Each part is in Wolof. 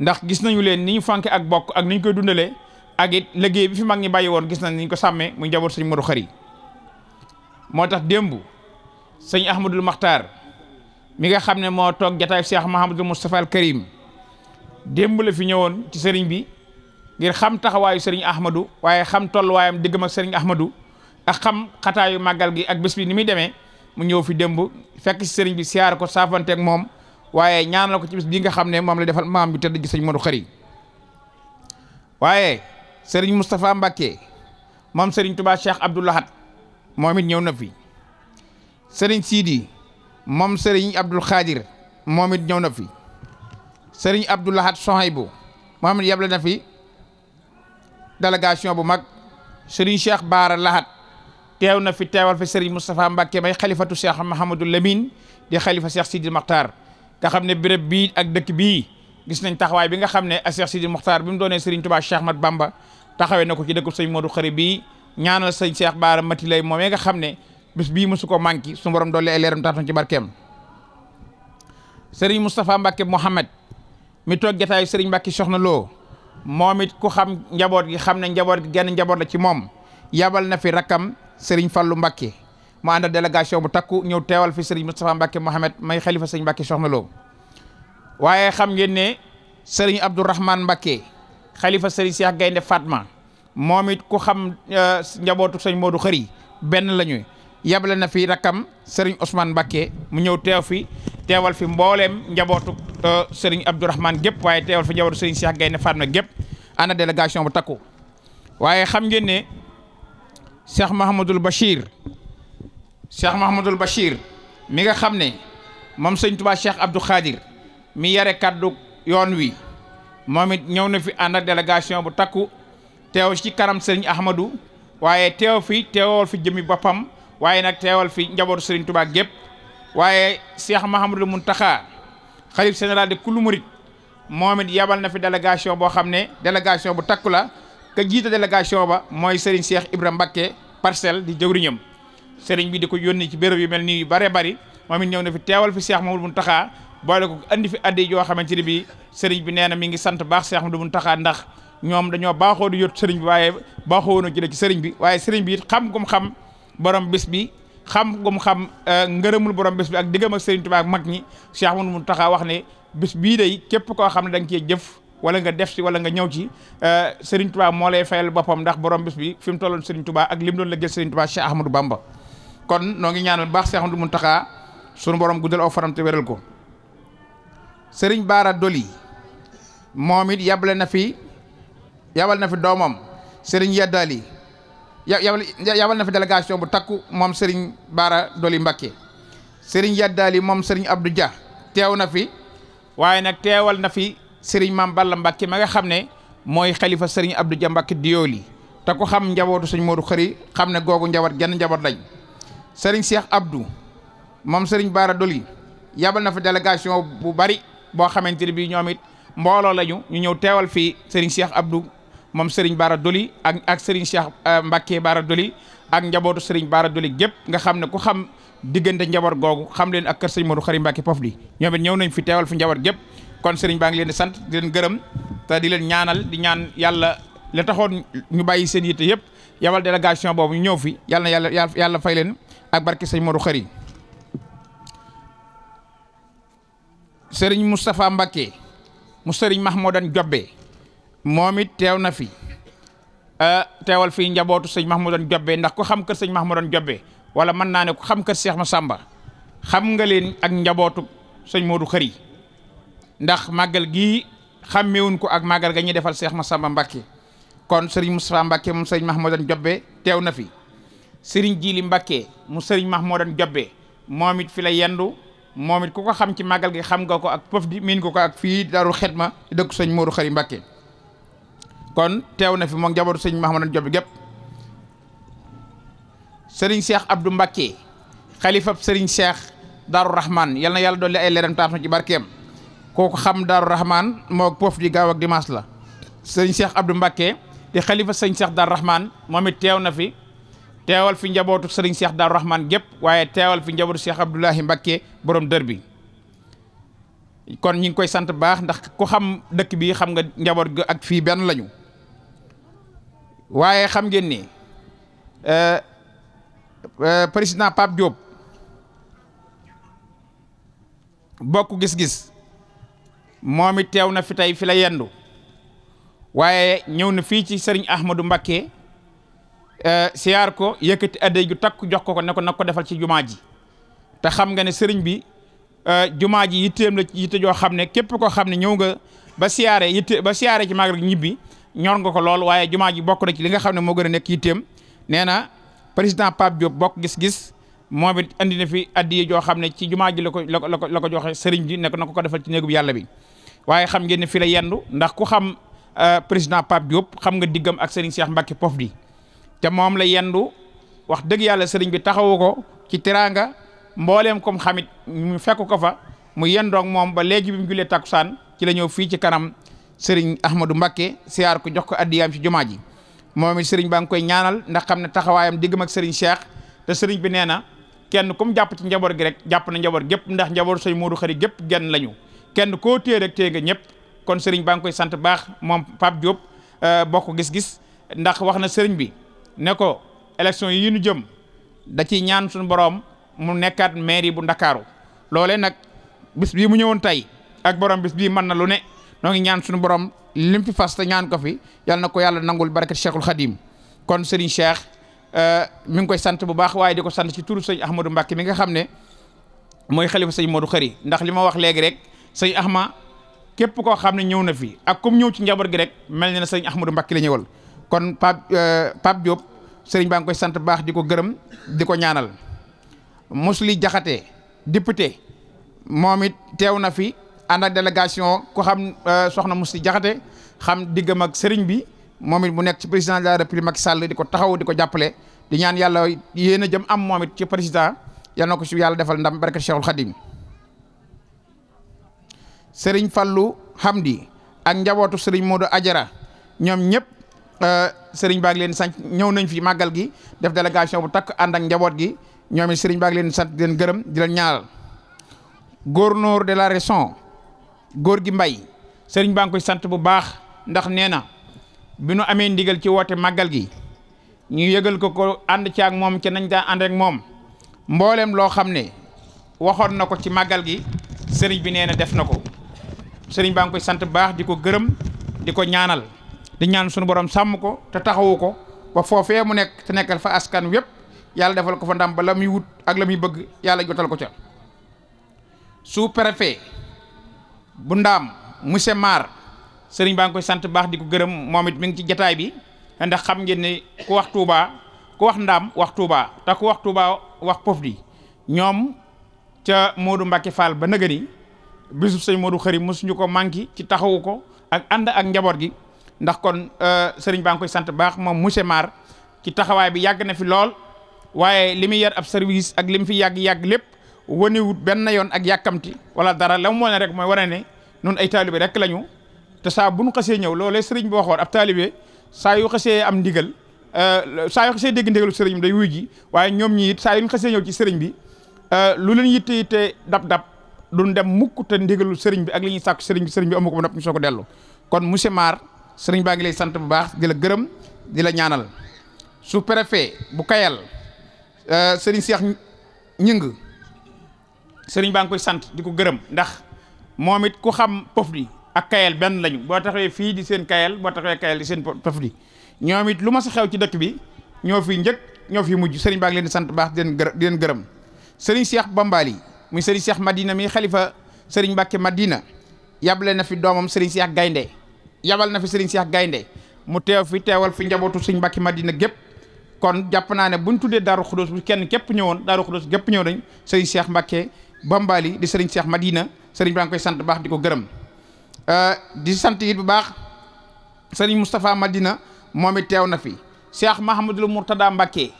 ndax gis nañu leen ni ñu fànke ak bokk ak ni ñu koy dundalee ak it liggéey bi fi mag ñi bàyyi woon gis nañ ni ko sàmmee muy njaboot sëñ Modou Khary moo tax démb sëñ Ahmadul Makhtar mi nga xam ne moo toog jataay Cheikh Mahamadul Moustapha al Karim démb la fi ñëwoon ci sëriñ bi ngir xam taxawaayu sëriñ Ahmadou waaye xam tolluwaayam diggam ak sëriñ Ahmadou ak xam xataayu màggal gi ak bés bi ni muy demee mu ñëw fi démb fekk si sëriñ bi siyaar ko saafante ak moom. waaye ñaanal ko ci bis bi nga xam ne moom la defal maam bi tëdd gi sëñ Modou Khari waaye sëriñ Moustapha Mbacke moom sëriñ Touba Cheikh Abdou Lahad moom it ñëw na fi sëriñ Sidi moom sëriñ Abdoul Khadir moom it ñëw na fi sëriñ Abdou Lahad Sohaybu moom it yable na fi délégation bu mag sëriñ Cheikh Baara Lahad teew na fi teewal fi sëriñ Moustapha Mbacke may xalifatu Cheikh Mahamadou Lamine di xalifa Cheikh Sidi Makhtar. nga xam ne béréb bii ak dëkk bii gis nañ taxawaay bi nga xam ne Cheikh Sidi Mokhtar bi mu doonee Serigne Touba Cheikh Mat Bamba taxawee na ko ci dëkkub sëñ Modou Khari bii ñaanal sëñ Cheikh Baara Mati lay moomee nga xam ne bis bii mosu ko manqué su borom doole ay leeram tax ci barkeem Serigne Moustapha Mbacke Mouhamed mi toog jataayu Serigne Mbacke soxna Lo moom it ku xam njaboot gi xam ne njaboot gi genn njaboot la ci moom yabal na fi rakkam Serigne Fallou Mbacke. mu ànd délégation bu takku ñëw teewal fi sëriñ Moustapha Mbacke Mohamed may xalifa sëriñ Mbacke Soxna Lo waaye xam ngeen ne sëriñ Abdourahman Mbacke xalifa sëriñ Cheikh Gaynde Fatma moom it ku xam euh, njabootu sëñ Modou Xëri benn la ñuy yabale na fi rakkam sëriñ Ousmane Mbacke mu ñëw teew fi teewal fi mbooleem njabootu euh, sëriñ Abdourahman gépp waaye teewal fi njabootu sëriñ Cheikh Gaynde Fatma gépp ànd délégation bu takku waaye xam ngeen ne Cheikh Mahamadul Bachir. cheikh Mahamadul Bachir mi nga xam ne moom sëñ Tuubaa cheikh Abdou Khadir mi yare kaddu yoon wi moom it ñëw na fi ànd ak délégation bu takku teew ci kanam sëriñ Ahmadou waaye teew fi teewal fi jëmi boppam waaye nag teewal fi njabootu sëriñ Tuubaa gépp waaye cheikh Mahamadul Muntaxa xalif général de kullu murit moom mi yabal na fi délégation boo xam ne délégation bu takku la ka jiite ba mooy sëriñ cheikh Ibrahima Mbakke parcelle di jëwriñam sëriñ bi di ko yónni ci béréb yu mel nii bare bari moom it ñëw na fi teewal fi Cheikh Mamadou Mountakha boole ko andi fi addi yoo xamante ne bii sëriñ bi nee na mi ngi sant baax Cheikh Mamadou Mountakha ndax ñoom dañoo baaxoo di yót sëriñ bi waaye baaxoo woon a jëlee ci sëriñ bi waaye sëriñ bi xam gum xam borom bis bi xam gum xam euh, ngërëmul borom bis bi ak diggam ak sëriñ Tuubaa ak mag ñi Cheikh Mamadou Mountakha wax ne bis bii day képp koo xam ne da cee jëf wala nga def ci wala nga ñëw ci euh, Serigne Touba moo lay fayal boppam ndax borom bis bi fi mu tolloon Serigne Touba ak lim lool la gël Serigne Touba Cheikh Ahmadou Bamba kon noo ngi ñaanal baax Cheikh Ahmadou taxa sunu borom guddal aw faram te wéral ko sëriñ Baara Doli moom it yable na fi yabal na fi doomam sëriñ Yadali yabal yabal na fi délégation bu takku moom sëriñ Baara Doli Mbakke sëriñ Yadali moom sëriñ Abdou Dia teew na fi waaye nag teewal na fi sëriñ Maam Balla Mbakke ma xam ne mooy xalifa sëriñ Abdou Dia Mbakke Dioli te ku xam njabootu sëñ Modou Xëri xam ne googu njaboot genn njaboot lañ. sëriñ Cheikh Abdou moom sëriñ Baara Doli yabal na fa délégation bu bari boo xamante ne bii ñoom it mbooloo lañu ñu ñëw teewal fii sëriñ Cheikh Abdou moom sëriñ Baara Doli ak ak sëriñ Cheikh euh, Mbacke Baara Doli ak njabootu sëriñ Baara Doli gépp nga xam ne ku xam diggante njaboot googu xam leen ak kër sëriñ Modou Khary Mbacke Pof di ñoom ñëw nañ fi teewal fi njaboot gépp kon sëriñ baa ngi leen di sant di leen gërëm te di leen ñaanal di ñaan yàlla la taxoon ñu bàyyi seen yit yëpp yabal délégation boobu ñu ñëw fi yàlla na yàlla fay leen ak barki sëñ Modou Khari sëriñ Moustapha Mbacké mu sëriñ Mahmoudan Jobbe moom it teew na fi ah, teewal fii njabootu sëñ Mahmoudan Jobbe ndax ku xam kër sëñ Mahmoudan Jobbe wala mën naa ne ku xam kër Cheikh Massamba xam nga leen ak njabootu sëñ Modou xëri ndax màggal gii xàmmewuñ ko ak màggal ga ñuy defal ma Massamba Mbacké kon sëriñ Moustapha Mbacké moom sëriñ Mahmoudan Jobbe teew na fi sëriñ Jili Mbakke mu sëriñ Mahmoudan Jobbe moom it fi la yendu moomit it ku ko xam ci màggal gi xam nga ko ak pëf di miin nga ko ak fii darul xetma dëkk sëñ Modou Khary Mbakke kon teew na fi moo njabootu sëñ Mahmoudan Jobbe gépp sëriñ Cheikh Abdou Mbakke xalifa sëriñ Cheikh Darou Rahman yal na yàlla dolli ay leeram taas ci barkeem kooku xam Darou Rahman moo pëf di gaaw ak dimanche la sëriñ Cheikh Abdou Mbakke di xalifa sëñ Cheikh Darou Rahman moom na fi. teewal fi njabootu sëriñ Cheikh Darou Rahman gépp waaye teewal fi njabootu Cheikh Abdoulahi Mbacké borom dër bi kon ñu ngi koy sant baax ndax ko xam dëkk bi xam nga njaboot gi ak fii benn lañu waaye xam ngeen ni euh, euh, président Pape Diop bokk gis-gis moom it teew na fi tey fi la yendu waaye ñëw na fii ci sëriñ ahmadu mbakke Eh, siyaar ko yëkkati adday ju takk jox ko ko ne ko nag ko defal ci jumaa ji te xam nga ne sëriñ bi eh, jumaa ji yitteem la yitte joo xam ne képp koo xam ne ñëw nga ba siyaare yitte ba siyaare ci maag rek ñibbi ñor nga ko lool waaye jumaa ji bokk na ci li nga xam ne moo gën a nekk yitteem nee na président Pape Diop bokk gis-gis moom it andi na fi addiye joo xam ne ci jumaa ji la ko la ko la ko joxe sëriñ bi ne ko na ko ko defal ci néegub yàlla bi waaye xam ngeen ne fi la yendu ndax ku xam eh, président Pape Diop xam nga diggam ak sëriñ Cheikh Mbacke Pof di te moom la yendu wax dëgg yàlla sëriñ bi taxawu ko ci teraanga mbooleem comme xamit mu fekk ko fa mu yendoog moom ba léegi bi mu julee takkusaan ci la ñëw fii ci kanam sëriñ Ahmadou Mbacké siyaar ko jox ko addiyaam ci jumaa ji moom it sëriñ baa ngi koy ñaanal ndax xam ne taxawaayam diggam mag sëriñ Cheikh te sëriñ bi nee na kenn kum jàpp ci njaboot gi rek jàpp na njaboot gépp ndax njaboot sëñ Modou Khari gépp genn lañu kenn koo téye rek téye nga ñëpp kon sëriñ baa koy sant baax moom Pape Diop euh, bokk gis-gis ndax wax na sëriñ bi ne ko élection yi ñu jëm da ci ñaan suñu borom mu nekkaat mairie bu ndakaaru loole nag bis bii mu ñëwoon tey ak borom bis bii mën na lu ne noo ngi ñaan suñu borom lim fi fas te ñaan ko fi yal na ko yàlla nangul barkat cheikhul xadim kon Serigne Cheikh euh, mi ngi koy sant bu baax waaye di ko sant ci turu sëñ Ahmadou Mbacke mi nga xam ne mooy xalifa sëñ Modou Khari ndax li ma wax léegi rek sëñ Ahma képp koo xam ne ñëw na fi ak comme ñëw ci njaboot gi rek mel na ne sëñ Ahmadou Mbacke la ñëwal. kon Pape euh, Pape Diop sëriñ baa ngi koy sant baax di ko gërëm di ko ñaanal Mously Diakhaté député moom it teew na fi ànd ak délégation ku xam euh, soxna Mously Diakhaté xam diggam mag sëriñ bi moom it mu nekk ci président de la république Macky di ko taxaw di ko jàppale di ñaan yàlla yéen a jëm am moom ci président yal na ko si yàlla defal ndam barke Cheikhul Khadim sëriñ Fallou Hamdi ak njabootu sëriñ Modou Ajara ñoom ñëpp. Euh, sëriñ baa leen sant ñëw nañ fi màggal gi def délégation bu takk ànd ak njaboot gi ñoom it sëriñ baa leen sant di gërëm di leen ñaanal gouverneur de la région góor gi mbay sëriñ baa ngi koy sant bu baax ndax nee na bi nu amee ndigal ci woote màggal gi ñu yëgal ko ko ànd ci ak moom ci nañ daan ànd moom mboolem loo xam ne waxoon na ko ci màggal gi sëriñ bi nee na def na ko sëriñ baa ngi koy sant bu baax di ko gërëm di ko ñaanal di ñaan suñu borom sàmm ko te taxawu ko ba foofee mu nekk te nekkal fa askan wépp yàlla defal ko fa ndam ba la muy wut ak la muy bëgg yàlla jotal ko ca sous-préfet bu ndaam monsieur Mar sëriñ baa ngi koy sant baax di ko gërëm moom it mi ngi ci jataay bi ndax xam ngeen ne ku wax Touba ku wax ndaam wax Touba te ku wax Touba wax pof ñoom ca Modou Mbacke Fall ba nëgëni bisub sëñ Modou xëri mosuñu ko manqué ci taxawu ko ak ànd ak njaboot gi ndax kon euh, sëriñ baa ngi sant baax moom monsieur Mar ci taxawaay bi yàgg na fi lool waaye li muy yar ab service ak li mu fi yàgg-yàgg lépp wanewut benn yoon ak yàkkamti wala dara la mu wane rek mooy wane ne nun ay taalibe rek lañu te saa bu nu xasee ñëw loolee sëriñ bi waxoon ab taalibe saa yu xasee am ndigal euh, saa yu xasee dégg ndigalu seriñ bi day wuy ji waaye ñoom ñi it saa yu ñu xasee ñëw ci seriñ bi euh, lu leen yitte yitte dab-dab dun dem mukk te ndigalu seriñ bi ak li ñuy sàkku sëriñ bi sëriñ bi amu ko ba ko dellu kon monsieur Mar sëriñ baa ngi lay sant bu baax di la gërëm di la ñaanal su préfet bu Kayal euh, sëriñ Seex ñing sëriñ baa ngi koy sant di ko gërëm ndax moom it ku xam pof di ak Kayal benn lañu boo taxawee fii di seen Kayal boo taxawee Kayal di seen pof di ñoom it lu ma sa xew ci dëkk bi ñoo fi njëkk ñoo fi mujj sëriñ baa ngi leen di sant bu baax di leen gërëm di leen gërëm sëriñ Seex Bambaali muy sëriñ Seex Madina mi xalifa sëriñ Mbàkke Madina yàble na fi doomam sëriñ Seex Gaynde yabal na fi Serigne Cheikh Gaynde mu teew fi teewal fi njabootu Serigne mbakki Madina gépp kon jàpp naa ne buñ tuddee Daaru Xudóos bu kenn képp ñëwoon Daaru Xudóos gépp ñëw nañ Serigne Cheikh Mbacké Bambali di Serigne Cheikh Madina Serigne baa ngi koy sant bu baax di ko gërëm euh, di sant it bu baax Serigne Moustapha Madina moom it teew na fi Cheikh Mahamadul Mourtada Mbacké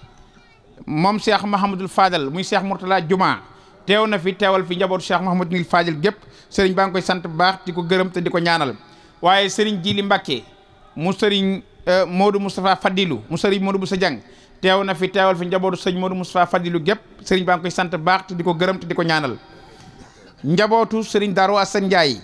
moom Cheikh Mahamadul Fadal muy Cheikh Mourtada Juma teew na fi teewal fi njabootu Cheikh Mahamadul Fadal gépp Serigne baa koy sant bu baax di ko gërëm te di ko ñaanal waaye sëriñ Jili Mbàkke mu sëriñ eh, Modou Moustapha Fadilu mu sëriñ Modou Boussa Dieng teew na fi teewal fi njabootu sëriñ Modou Moustapha Fadilu gépp sëriñ baa koy sant baax te di ko gërëm te di ko ñaanal njabootu sëriñ Darou Assane Ndiaye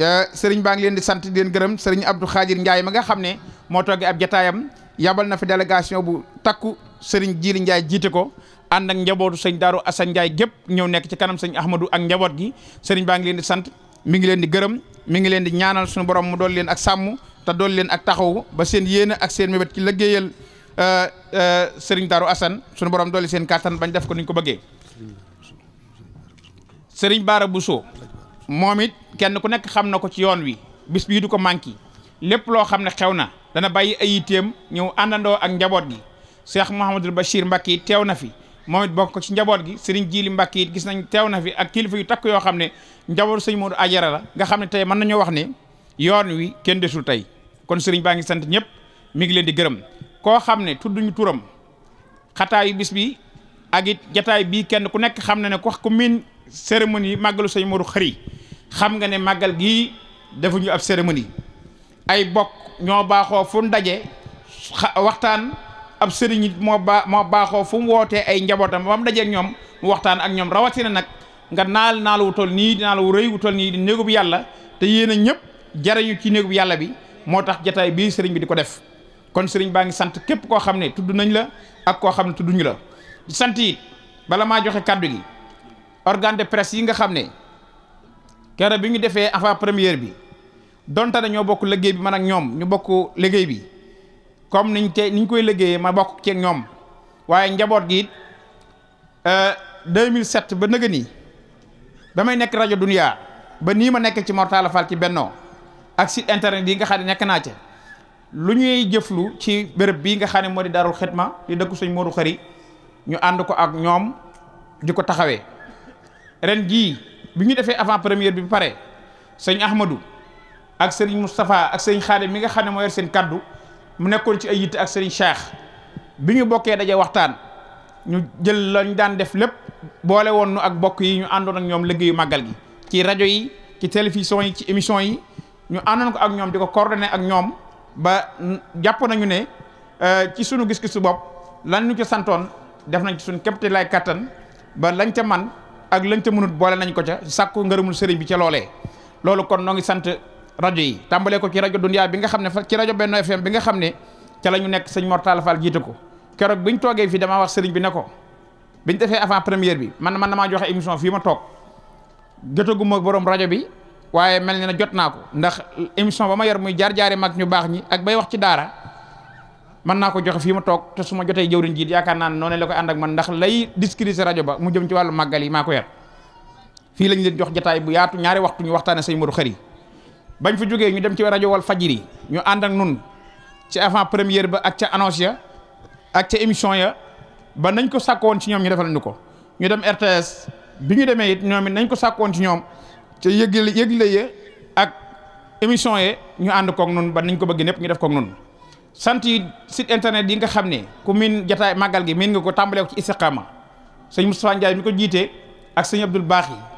eh, sëriñ baa ngi leen di sant di leen gërëm sëriñ Abdou Khadir Ndiaye ma nga xam ne moo toogee ab jataayam yabal na fi délégation bu takku sëriñ Jili Ndiaye jiite ko ànd ak njabootu sëñ Darou Assane Ndiaye ñëw nekk ci kanam sëñ Ahmadou ak njaboot gi sëriñ baa ngi leen di sant mi ngi leen di gërëm mi ngi leen di ñaanal suñu borom mu dool leen ak sàmmu te dool leen ak taxaw ba seen yéene ak seen mébét ci liggéeyal euh, euh, sëriñ Darou Assane suñu borom dooli seen kàttan bañ def ko ni ko bëggee sëriñ Baara Bousso moom it kenn ku nekk xam na ko ci yoon wi bis bii ko manqué lépp loo xam ne xew na dana bàyyi ay yitteem ñëw àndandoo ak njaboot gi Cheikh Mouhamadul Bachir Mbacke teew na fi. moom bokk ko ci njaboot gi sëriñ jiili Mbàkke gis nañ teew na fi ak kilifa yu takk yoo xam ne njaboot sëñ Modou Ajara la nga xam ne tey mën nañoo wax ne yoon wi kenn desul tey kon sëriñ baa ngi sant ñëpp mi ngi leen di gërëm koo xam ne tudduñu turam xataayu bis bi ak it jataay bii kenn ku nekk xam na ne ku wax ku miin cérémonie màggalu sëñ Modou xëri xam nga ne màggal gii defuñu ab cérémonie ay bokk ñoo baaxoo fu ndaje waxtaan am sëriñ it moo baa moo baaxoo fu mu wootee ay njabootam ba mu dajeeg ñoom mu waxtaan ak ñoom rawatina nag nga naal naal wu toll nii naal wu rëy wu nii di néegu bu yàlla te yéen a ñëpp jariñu ci néegu bu yàlla bi moo tax jataay bii sëriñ bi di ko def kon sëriñ baa ngi sant képp koo xam ne tudd nañ la ak koo xam ne tudduñu la di sant it bala maa joxe kàddu gi organe de presse yi nga xam ne keroog bi ñu defee avant première bi donte ne ñoo bokk liggéey bi man ak ñoom ñu bokk liggéey bi. comme niñ te niñ koy liggéeyee ma bokk ci ñoom waaye njaboot gi it 2007 euh, ba nëga nii ba may nekk rajo Dunia ba nii ma nekk ci Mor Talla ci bennoo ak site internet yi nga xam ne nekk naa ci lu ñuy jëflu ci bërëb bii nga xam ne moo di darul ma di dëkku suñ Modou Xari ñu ànd ko ak ñoom di ko taxawee ren jii bi ñu defee avant première bi pare sëñ Ahmadou ak sëriñ Moustapha ak sëñ Xaadim mi nga xam ne moo yor seen kàddu mu nekkoon ci ay yitte ak sëriñ Cheikh bi ñu bokkee daje waxtaan ñu jël lañ daan def lépp boole woon nu ak bokk yi ñu àndoon ak ñoom liggéeyu màggal gi ci rajo yi ci télévision yi ci émission yi ñu àndoon ko ak ñoom di ko coordonné ak ñoom ba jàpp nañu ne euh, ci sunu gis-gisu bopp lan ñu ci santoon def nañ ci suñu te lay kattan ba lañ ca man ak lañ ca mënut boole nañ ko ca sàkku ngërëmul sëriñ bi ca loolee loolu kon noo ngi sant rajo yi tàmbalee ko ci rajo Dunia bi nga xam ne fa ci rajo Benno FM bi nga xam ne ca la ñu nekk sëñ Mor Talla Fall ko keroog bi ñu toogee fii damaa wax sëriñ bi ne ko bi ñu defee avant première bi man man damaa joxe émission fii ma toog jotaguma borom rajo bi waaye mel na ne jot naa ko ndax émission ba ma yor muy jaar jaare mag ñu baax ñi ak bay wax ci daara mën naa ko joxe fii ma toog te su ma jotee jëwriñ jiit yaakaar naa ne noonu la koy ànd ak man ndax lay discrédité mu jëm ci màggal yi maa ko yor fii lañ leen jox jataay bu yaatu ñaari waxtu ñu waxtaane sëñ Modou Khary bañ fa jógee ñu dem ci rajo wal fajiri ñu ànd ak nun ci avant première ba ak ca annonce ya ak ca émission ya ba nañ ko sakk woon ci ñoom ñu defal ñu ko ñu dem RTS bi ñu demee it ñoom it nañ ko sàkkoon ci ñoom ca yëgle yëgle ya ak émission ye ñu ànd koog nun ba nañ ko bëgg népp ñu def koog nun sant yi site internet yi nga xam ne ku miin jataay màggal gi miin nga ko tàmbalee ko ci istiqaama sëñ Moustapha Ndiaye mi ko jiitee ak sëñ Abdoul Baax yi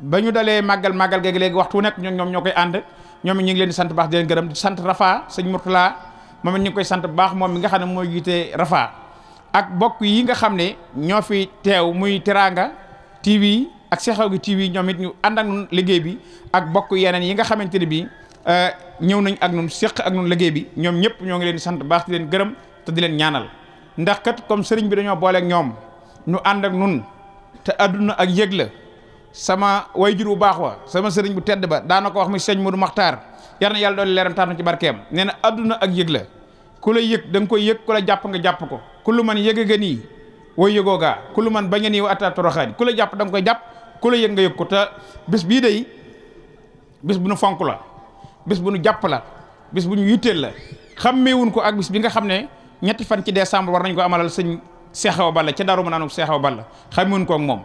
ba ñu dalee màggal màggal geeg léegi waxtu nekk ñoom ñoom ñoo koy ànd ñoom ñu ngi leen di sant baax di leen gërëm di sant Rafa sëñ Mourtala moom it ñu koy sant bu baax moom mi xam ne mooy jiite Rafa ak bokk yi nga xam ne ñoo fi teew muy Teranga TV ak Seexaw gi TV ñoom it ñu ànd liggéey bi ak bokk yeneen yi nga xamante ne bii euh, ñëw nañ ak ñun seq ak ñun liggéey bi ñoom ñëpp ñoo ngi leen di sant baax di leen gërëm te di leen ñaanal ndax kat comme sëriñ bi dañoo booleek ñoom ñu ànd ak ñun te àdduna ak yéeg la sama wayjur bu baax wa sama sëriñ bu tedd ba daana ko wax muy sëñ Modou Makhtar yar na yàlla doon leeram na ci barkeem nee na adduna ak yëg la ku la yëg da koy yëg ku la jàpp nga jàpp ko ku lu man yëg nga nii way yëgoo gaa lu man bañ a nii wa atta la jàpp da koy jàpp ku la yëg nga yëg ko te bis bii day bis bu nu fonk la bis bu nu jàpp la bis bu ñu yitteel la xàmmeewuñ ko ak bis bi nga xam ne ñetti fan ci décembre war nañ ko amalal sëñ Seexaw Balla ca Daaru Manaan la Balla xàmmeewuñ ko ak moom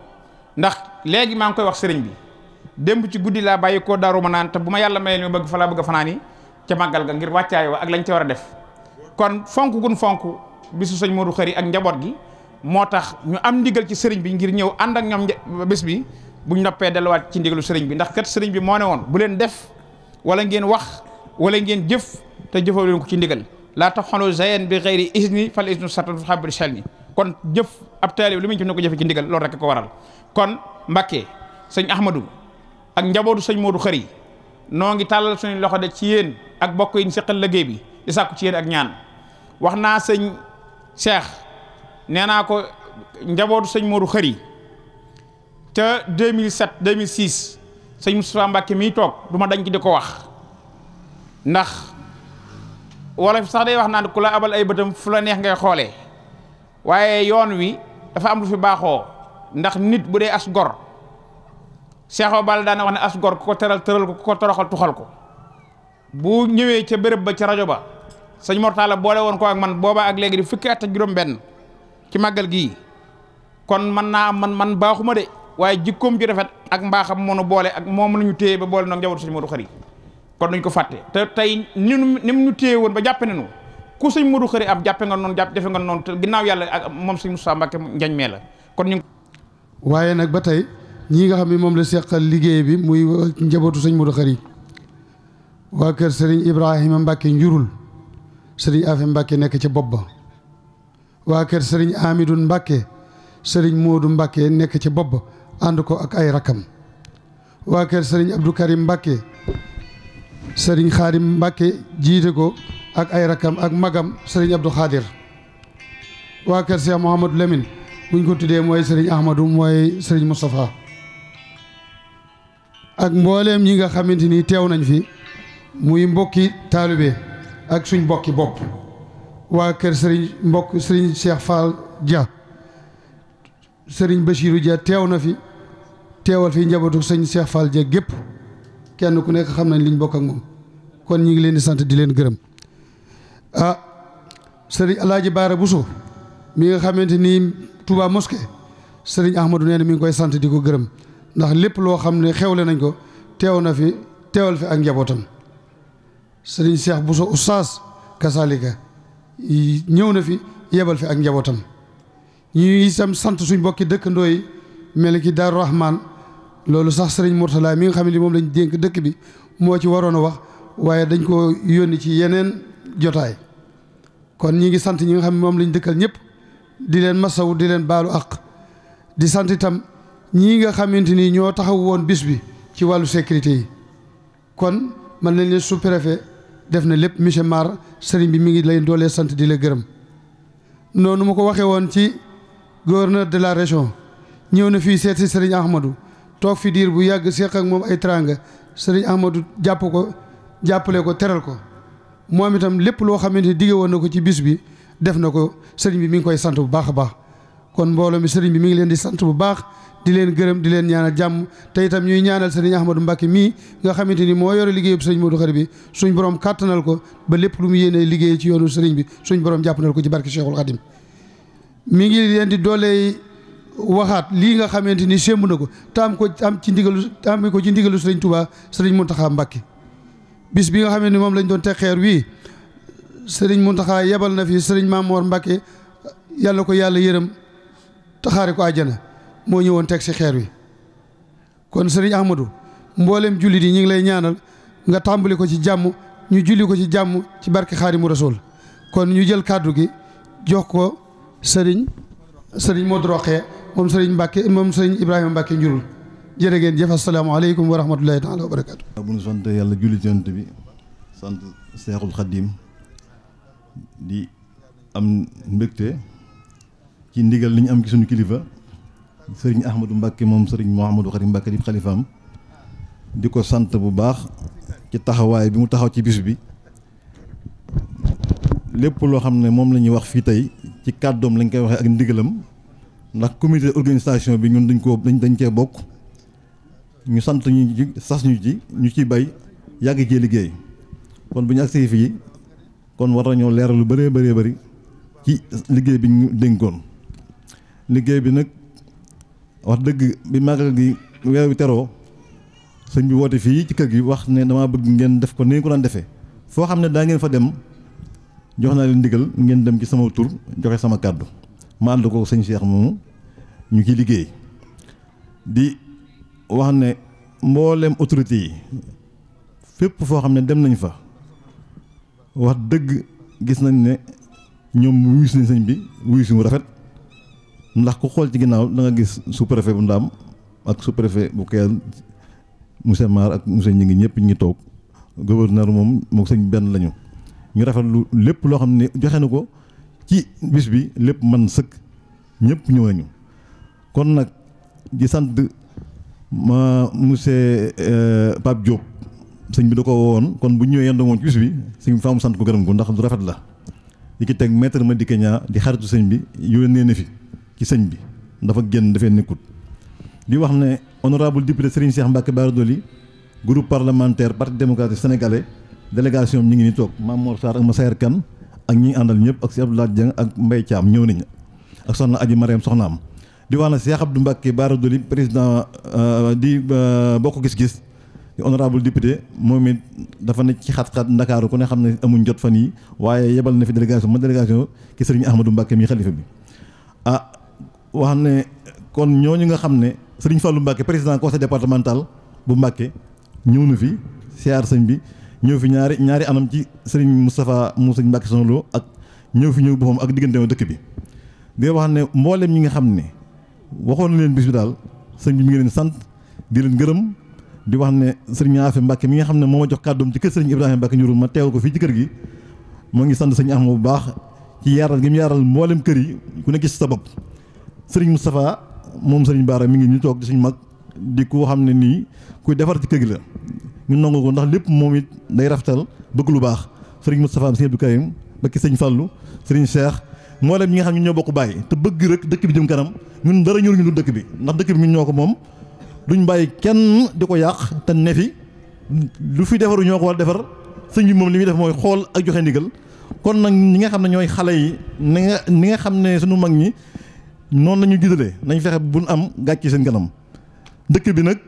ndax léegi maa ngi koy wax sëriñ bi démb ci guddi laa bàyyi koo daaru ma naan te bu ma yàlla mayee ñu bëgg fa laa bëgg a fanaani ca màggal ga ngir wàccaay wa ak lañ ca war a def kon fonk gun fonk bisu sëñ Modou Khary ak njaboot gi moo tax ñu am ndigal ci sëriñ bi ngir ñëw ànd ak ñoom bés bi buñ noppee delluwaat ci ndigalu sëriñ bi ndax kat sëriñ bi moo ne woon bu leen def wala ngeen wax wala ngeen jëf te jëfoo leen ko ci ndigal laa tax zayen bi xëyri isni fal isnu sartan habri shalni kon jëf ab taalib li muy ko jëfe ci ndigal loolu rek ko waral kon Mbacke sëñ Ahmadou ak njabootu sëñ Modou xëri noo ngi tàllal suñu loxo de ci yéen ak bokk yi ñu seqal liggéey bi di sàkku ci yéen ak ñaan wax naa sëñ Cheikh nee naa ko njabootu sëñ Modou xëri ca 2007 2006 sëñ Moustapha Mbacke mii toog du ma dañ ci di ko wax ndax wala fi sax day wax naan ku la abal ay bëtam fu la neex ngay xoolee waaye yoon wi dafa am lu fi baaxoo. ndax nit bu dee as gor seexoo bal daana wax ne as gor ku ko teral tëral ko ku ko toroxal tuxal ko bu ñëwee ca bërëb ba ca rajo ba sëñ Mortalla boole woon ko ak man boobaa ak léegi di fukki at ak juróom-benn ci màggal gii kon man naa man man baaxuma de waaye jikkoom ju rafet ak mbaaxam moonu boole ak moom la ñu téye ba boole nag njabootu sëñ Modou Khari kon duñ ko fàtte te tey ni mu ñu téye woon ba jàppe nañu ku sëñ Modou Khari am jàppe nga noonu jàpp nga noonu ginnaaw yàlla ak moom sëñ Moussa Mbacke njañ mee la waaye nag ba tey ñii nga xam ne moom la seqal liggéey bi muy njabootu sëñ Modou Khari waa kër sëriñ Ibrahima Mbacke njurul sëriñ Afe Mbacke nekk ca bopp ba waa kër sëriñ Amidou Mbacke sëriñ moodu Mbacke nekk ca bopp ba ànd ko ak ay rakam waa kër sëriñ Abdou Karim Mbacke sëriñ Xaadim Mbacke jiite ko ak ay rakam ak magam sëriñ Abdou Khadir waa kër Cheikh Mouhamadou lemin buñ ko tuddee mooy sëriñ Ahmadu mooy sëriñ Moustapha ak mbooleem ñi nga xamante ni teew nañ fi muy mbokki taalibe ak suñ mbokki bopp waa kër sëriñ mbokk sëriñ Cheikh Fall Dia sëriñ Bachirou Dia teew na fi teewal fi njabootu sëñ seex Fall Dia gépp kenn ku nekk xam nañ liñ bokk ak moom kon ñu ngi leen di sant di leen gërëm ah sëriñ Alaaji Baara Bousso mi nga xamante ni Touba moske sëriñ Ahmadou nee na mi ngi koy sant di ko gërëm ndax lépp loo xam ne xewle nañ ko teew na fi teewal fi ak njabootam sëriñ Cheikh Bousso Oustaz Kasalika ñëw na fi yebal fi ak njabootam ñu itam sant suñ bokki dëkkandoo yi mel ki Daaru Rahman loolu sax sëriñ Mourtala mi nga xam ne moom lañu dénk dëkk bi moo ci waroon a wax waaye dañ ko yónni ci yeneen jotaay kon ñi ngi sant ñi nga xam moom lañ dëkkal ñëpp di leen masawu di leen baalu ak di sant itam ñii nga xamante ni ñoo taxaw woon bis bi ci wàllu sécurité yi kon man nañ leen sous-préfet def na lépp monsieur Mar sëriñ bi mi ngi lay doolee sant di la gërëm noonu ma ko waxee woon ci gouverneur de la région ñëw na fii seet si sëriñ Ahmadou toog fi diir bu yàgg seq ak moom ay teraanga sëriñ Ahmadou jàpp ko jàppale ko teral ko moom itam lépp loo xamante ni dige woon na ko ci bis bi def na ko sëriñ bi mu ngi koy sant bu baax a baax kon mbooloo mi sëriñ bi mi ngi leen di sant bu baax di leen gërëm di leen ñaanal jàmm te itam ñuy ñaanal sëriñ Ahmadou Mbacké mii nga xamante ni moo yore liggéeyub sëriñ Modou Khari bi suñ borom kàttanal ko ba lépp lu yéenee liggéey ci yoonu sëriñ bi suñ borom jàppanal ko ci barke Cheikhul Khadim mi ngi leen di doole waxaat lii nga xamante ni sémb na ko te ko am ci ndigalu am ko ci ndigalu sëriñ Touba sëriñ Mountakha Mbacké bis bi nga xamante ni moom lañ doon teg xeer wii sëriñ Muntaxa yebal na fi sëriñ Maamoor Mbàkke yàlla ko yàlla yërëm taxaare ko àjjana moo ñëwoon teg si xeer wi kon sëriñ Ahmadou mboolem jullit yi ñu ngi lay ñaanal nga tàmbali ko ci jàmm ñu julli ko ci jàmm ci barke Xaadimu Rasuul kon ñu jël kàddu gi jox ko sëriñ sëriñ moo Rokhaya moom sëriñ Mbàkke moom sëriñ Ibrahima Mbàkke njurul jërë ngeen jëf asalaamaaleykum wa rahmatullahi taala wa barakaatu. bu ñu sant yàlla julli ci bi sant Seexul di am mbégte ci ndigal li am ci suñu kilifa sëriñ Ahmadou Mbacke moom sëriñ Mouhamadou Karim Mbacke di xalifaam di ko sant bu baax ci taxawaay bi mu taxaw ci bis bi lépp loo xam ne moom la ñuy wax fii tey ci kàddoom lañ koy waxee ak ndigalam ndax comité organisation bi ñun dañ koo dañ dañ cee bokk ñu sant ñu sas ñu ci ñu ci bay yàgg cee liggéey kon bu ñu agsee fii kon war nañoo leeral lu bëree bëree bëri ci liggéey bi ñu dénkoon liggéey bi nag wax dëgg bi màggal gi weer wi teroo sëñ bi woote fii ci kër gi wax ne damaa bëgg ngeen def ko ni ko daan defee foo xam ne daa ngeen fa dem jox naa leen ndigal ngeen dem ci sama tur joxe sama kàddu ma ànd ko sëñ Cheikh moomu ñu ciy liggéey di wax ne mbooleem autorité yi fépp foo xam ne dem nañu fa wax dëgg gis nañ ne ñoom wuyu suñu sëñ bi wuyu suñu rafet ndax ku xool ci ginnaaw da gis sous préfet bu ndaam ak sous préfet bu Kayal monsieur Mar ak monsieur ñi ngi ñëpp ñu ngi toog gouverneur moom moom sëñ benn lañu ñu rafet lu lépp loo xam ne joxe na ko ci bis bi lépp man sëkk ñëpp ñëw nañu kon nag di sant ma monsieur euh, Pape Diop. sëñ bi da ko woon kon bu ñëwee yendoo moom ci bis bi sëñ bi fa am sant ko gërëm ko ndax du rafet la li ki teg maître Madické Niang di xaritu sëñ bi yónnee na fi ci sëñ bi dafa génn dafee nekkut di wax ne honorable député Serigne Cheikh Mbacke Bara Dolly groupe parlementaire parti démocratique sénégalais délégation ñi ngi ni toog Mame Mor Sarr ak Massaer Kane ak ñi àndal ñëpp ak si Abdoulaye Dieng ak Mbaye Thiam ñëw nañ ak soxna Adji Mariam am di wax ne Cheikh Abdou Mbacke Bara Dolly président euh, di euh, bokk gis-gis di honorable député moom it dafa ne ci xat-xat ndakaaru ku ne xam ne amuñ jot fa yi waaye yebal na fi délégation ma délégation ki sëriñ Ahmadou Mbacke mi xalifa bi ah wax ne kon ñooñu nga xam ne sëriñ Fallou Mbacke président conseil départemental bu Mbacke ñëw na fi siyaar sëñ bi ñëw fi ñaari ñaari anam ci sëriñ Moustapha mu sëñ Mbacke ak ñëw fi ñëw boppam ak digganteem dëkk bi di wax ne mboolem ñi nga xam ne waxoon leen bis bi daal sëñ bi mi ngi leen di leen gërëm di wax ne sëriñ Afe mbàkke mi nga xam ne moo ma jox kàddoom ci kër sëriñ Ibrahima Mbacke ñurul ma teewal ko fii ci kër gi moo ngi sant sëriñ Ahma bu baax ci yaaral gi mu yaaral mboolem kër yi ku ne gis sa bopp sëriñ Moustapha moom sëriñ Baara mi ngi ñu toog di suñ mag di ko xam ne nii kuy defar ci kër gi la ñu nangu ko ndax lépp moom it day rafetal bëgg lu baax sëriñ mu sëriñ Abdou Karim ba ki sëriñ Fallou sëriñ Cheikh mboolem ñi nga xam ne ñoo bokk bàyyi te bëgg rek dëkk bi kanam ñun dara ñur ñu dëkk bi ndax dëkk bi ñun ko moom duñ bàyyi kenn di ko yàq te ne fi lu fi defaru ñoo ko war defar sëñ bi moom li muy def mooy xool ak joxe ndigal kon nag ñi nga xam ne ñooy xale yi ni nga ni nga xam ne suñu mag ñi noonu la ñu gisalee nañ fexe bu ñu am gàcce seen kanam dëkk bi nag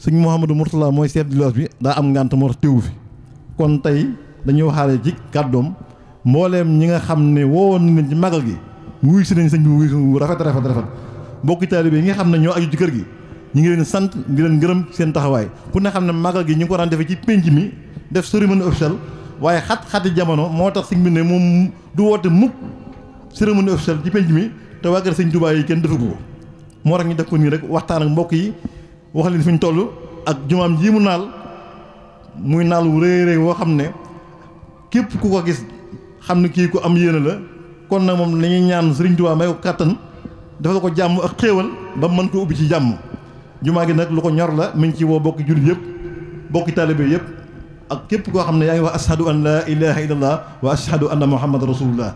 sëñ Mouhamadou Mourtala mooy chef de village bi daa am ngànt moo tax teewu fi kon tey dañuy waxaale ci kàddoom mbooleem ñi nga xam ne woo nañ ci magal gi wuy si nañ sëñ bi wuy rafet rafet rafet mbokki taalibe yi nga xam ne ñoo aju ci kër gi ñu ngi leen sant di leen gërëm seen taxawaay ku ne xam ne magal gi ñu ko daan defee ci pénc mi def cérémonie officielle waaye xat-xati jamono moo tax sëñ bi ne moom du woote mukk cérémonie officielle ci pénc mi te waa kër sëñ Tuubaa yi kenn defagu ko moo tax ñu def ko nii rek waxtaan ak mbokk yi wax leen fi ñu toll ak jumaam ji mu naal muy naal wu rëy rëy woo xam ne képp ku ko gis xam ne kii ku am yéene la kon nag moom nañuy ñaan sëriñ Tuubaa may ko kàttan dafa ko jàmm ak xéewal ba mën ko ubbi ci jàmm jumaa gi nag lu ko ñor la mi ngi ci woo bokki jullit yëpp bokki taalibe yëpp ak képp koo xam ne yaa ngi wax ashadu an laa ilaha illallah wa ashadu anna muhammad rasulullah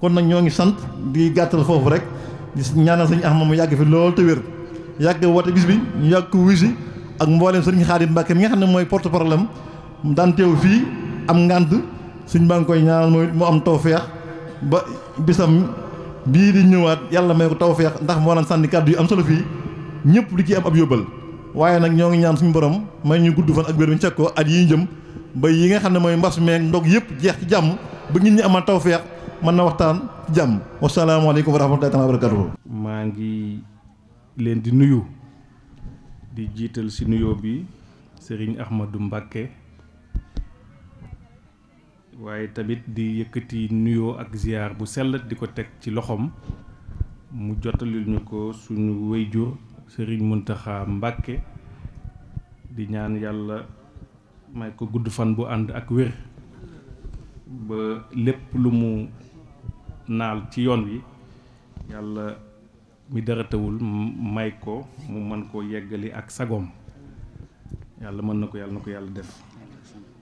kon nag ñoo ngi sant di gàttal foofu rek di suñ ax Ahmad mu yàgg fi lool te wér yàgg woote bis bi ñu yàgg ko wisi ak mbooleem sëriñ Xaadim Mbàkke mi nga xam ne mooy porte parole am daan teew fii am ngànt suñ baa ngi koy ñaanal mooy mu am tawfeex ba bisam bii di ñëwaat yàlla may ko tawfeex ndax moo sànni kàddu yu am solo fii ñëpp di ci am ab yóbbal waaye nag ñoo ngi ñaan suñu borom may ñu gudd fan ak wér ñu ceg ko at yi jëm ba yi nga xam ne mooy mbas meeg ndog yëpp jeex ci jàmm ba nit ñi amal tawfeex mën na waxtaan ci jàmm wasalaamaaleykum wa rahmatullaahi maa ngi leen di nuyu di jiital si nuyoo bi Serigne Ahmadou Mbacké waaye tamit di yëkkati nuyoo ak ziar bu sell di ko teg ci loxoom mu jotalil ko suñu wéyjur sëriñ Muntaxa Mbàkke di ñaan yàlla may ko gudd fan bu ànd ak wér ba lépp lu mu naal ci yoon wi yàlla mi dara may ko mu mën koo yeggali ak sagoom yàlla mën na ko yàlla na ko yàlla def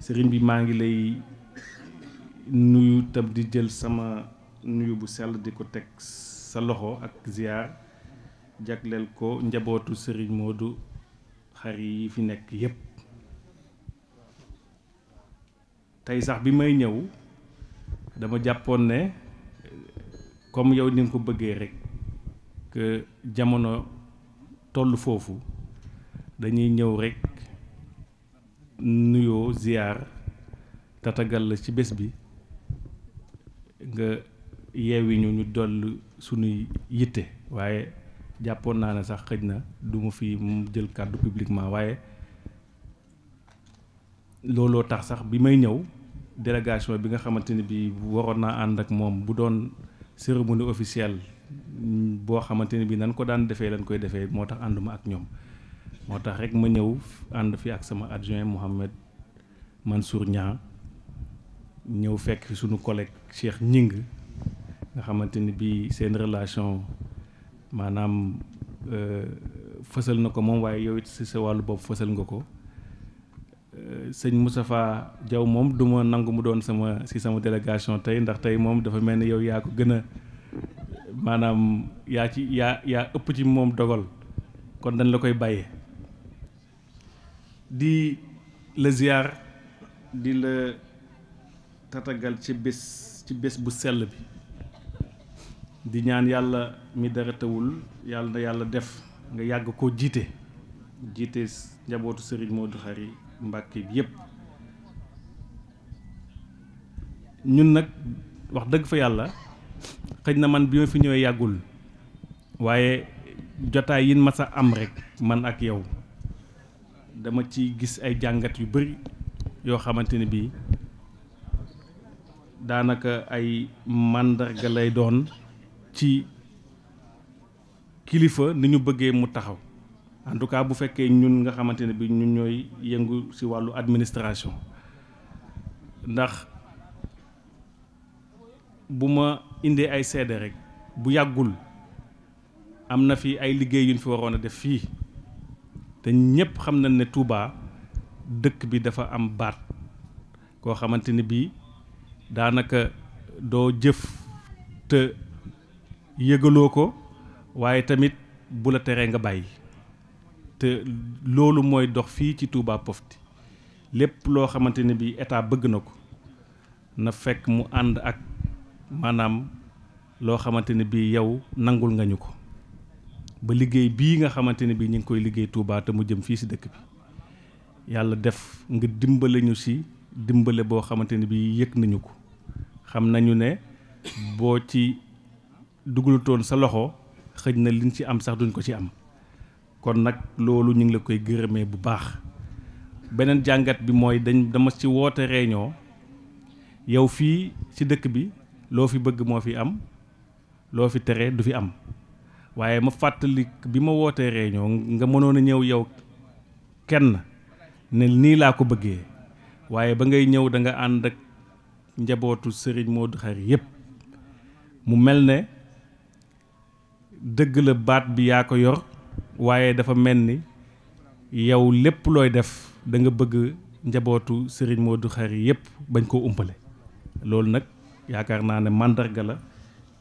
sëriñ bi maa ngi lay nuyu tam di jël sama nuyu bu sell di ko teg sa loxo ak ziar jagleel ko njabootu sëriñ Modou xari yi fi nekk yépp tey sax bi may ñëw dama jàppoon ne comme yow ni nga ko bëggee rek jamono toll foofu dañuy ñëw rekk nuyoo ziar tatagal la ci bés bi nga yeewi ñu ñu doll sunuy yitte waaye jàppoon naa ne sax xëj na du fi fi jël kàddu publiquement waaye looloo tax sax bi may ñëw délégation bi nga xamante ne bi waroon naa ànd ak moom bu doon cérémonie officielle boo xamante ne bi nan ko daan defee lañ koy defee moo tax ànduma ak ñoom moo tax rek ma ñëw ànd fi ak sama adjoint Mouhamed Mansour ñaa ñëw fekk fi sunu collègue Cheikh Ñing nga xamante ni bi seen relation maanaam euh, fësal na ko moom waaye yow it si sa wàllu bopp fësal nga ko euh, sëñ Moustapha Diaw moom duma nangu mu doon sama si sama délégation tey ndax tey moom dafa mel ni yow yaa ko gën a maanaam yaa ci yaa yaa ëpp ci moom dogal kon dañ la koy bàyyee di la ziar di la tatagal ci bés ci bés bu sell bi di ñaan yàlla mi dara yàlla na yàlla def nga yàgg koo jiite jiite njabootu sëriñ Modou Khary Mbàkke bi yépp ñun nag wax dëgg fa yàlla xëñ na man bi ma fi ñëwee yàggul waaye jotaay yin mas a am rek man ak yow dama ci gis ay jàngat yu bari yoo xamante ne bii daanaka ay màndarga lay doon ci kilifa ni ñu bëggee mu taxaw en bu fekkee ñun nga xamante ne bi ñu ñooy yëngu ci wàllu administration ndax bu ma indee ay seede rek bu yàggul am na fi ay liggéey fi waroon a def fii te ñépp xam nañ ne tuubaa dëkk bi dafa am baat koo xamante ne bii daanaka doo jëf te yëgaloo ko waaye tamit bu la teree nga bàyyi te loolu mooy dox fii ci Touba pofti lépp loo xamante ne bi état bëgg na ko na fekk mu ànd ak maanaam loo xamante ne bi yow nangul nga ñu ko ba liggéey bii nga xamante ne bi ñu ngi koy liggéey Touba te mu jëm fii si dëkk bi yàlla def nga dimbale ñu si dimbale boo xamante ne bi yëg nañu ko xam nañu ne boo ci dugalutoon sa loxo xëj na liñ ci am sax duñ ko ci am kon nag loolu ñu ngi la koy gërëmee bu baax beneen jàngat bi mooy dañ dama ci woote réunion yow fii ci dëkk bi loo fi bëgg moo fi am loo fi tere du fi am waaye ma fàttali bi ma wootee réunion nga mënoon a ñëw yow kenn ne nii laa ko bëggee waaye ba ngay ñëw danga nga ànd ak njabootu sëriñ Modou Khary yépp mu mel ne dëgg la baat bi yaa ko yor waaye dafa mel ni yow lépp looy def danga bëgg njabootu Serigne Modou Khary yépp bañ koo umpale loolu nag yaakaar naa ne màndarga la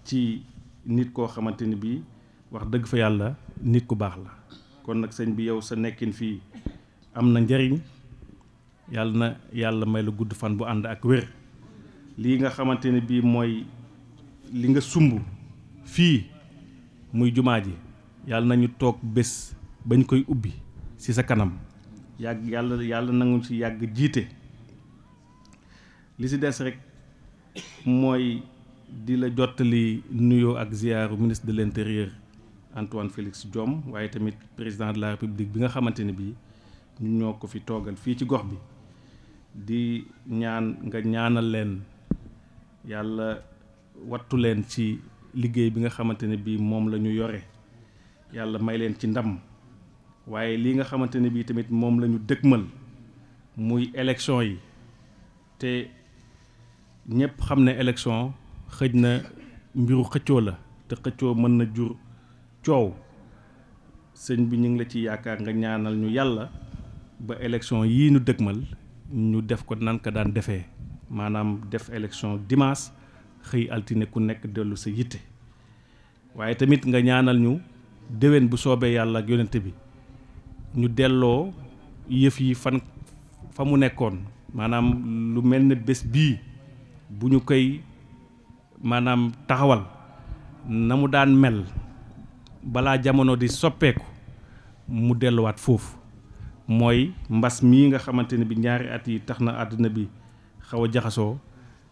ci nit koo xamante ni bii wax dëgg fa yàlla nit ku baax la kon nag sëñ bi yow sa nekkin fii am na njariñ yàlla na yàlla may la gudd fan bu ànd ak wér lii nga xamante ne bii mooy li nga sumb fii muy jumaa ji yàlla nañu toog bés bañ koy ubbi ci sa kanam yàgg yàlla yàlla nangu ci yàgg jiite li ci des rek mooy di la jottali nuyoo ak ziyaaru ministre de l'intérieur Antoine Félix Diome waaye tamit président de la république bi nga xamante ne bii ñun ñoo ko fi toogal fii ci gox bi di ñaan nga ñaanal leen yàlla wattu leen ci liggéey bi nga xamante ne bii moom la ñu yore yàlla may leen ci ndam waaye lii nga xamante ne bii tamit moom la ñu dëgmal muy élection yi te ñëpp xam ne élection xëj na mbiru xëccoo la te xëccoo mën na jur coow sëñ bi ñu ngi la ci yaakaar nga ñaanal ñu yàlla ba élection yi ñu dëgmal ñu def ko nan ko daan defee maanaam def élection dimanche. xëy altine ku nekk dellu sa yitte waaye tamit nga ñaanal ñu déwén bu soobee yàlla ak yonent bi ñu delloo yëf yi fan fa mu nekkoon maanaam lu mel ne bés bii bu ñu koy maanaam taxawal na mu daan mel balaa jamono di soppeeku mu delluwaat foofu mooy mbas mii nga xamante ne bi ñaari at yi tax na àdduna bi xawa jaxasoo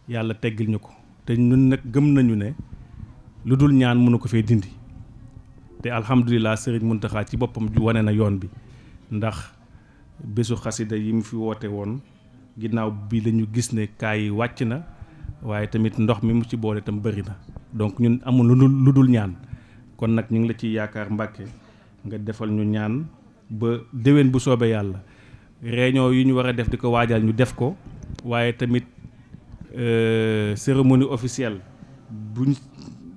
yàlla teggil ñu ko te ñun nag gëm nañu ne lu dul ñaan mënu ko fee dindi te alhamdulilah sëriñ Muntaxa ci boppam ju wane na yoon bi ndax bésu xasida yi mu fi woote woon ginnaaw bi lañu gis ne kaay yi wàcc na waaye tamit ndox mi mu ci boole tam bëri na donc ñun amul lu dul lu dul ñaan kon nag ñu ngi la ciy yaakaar Mbàkke nga defal ñu ñaan ba déwén bu soobee yàlla réunion yi ñu war a def di ko waajal ñu def ko waaye tamit Euh, cérémonie officielle buñ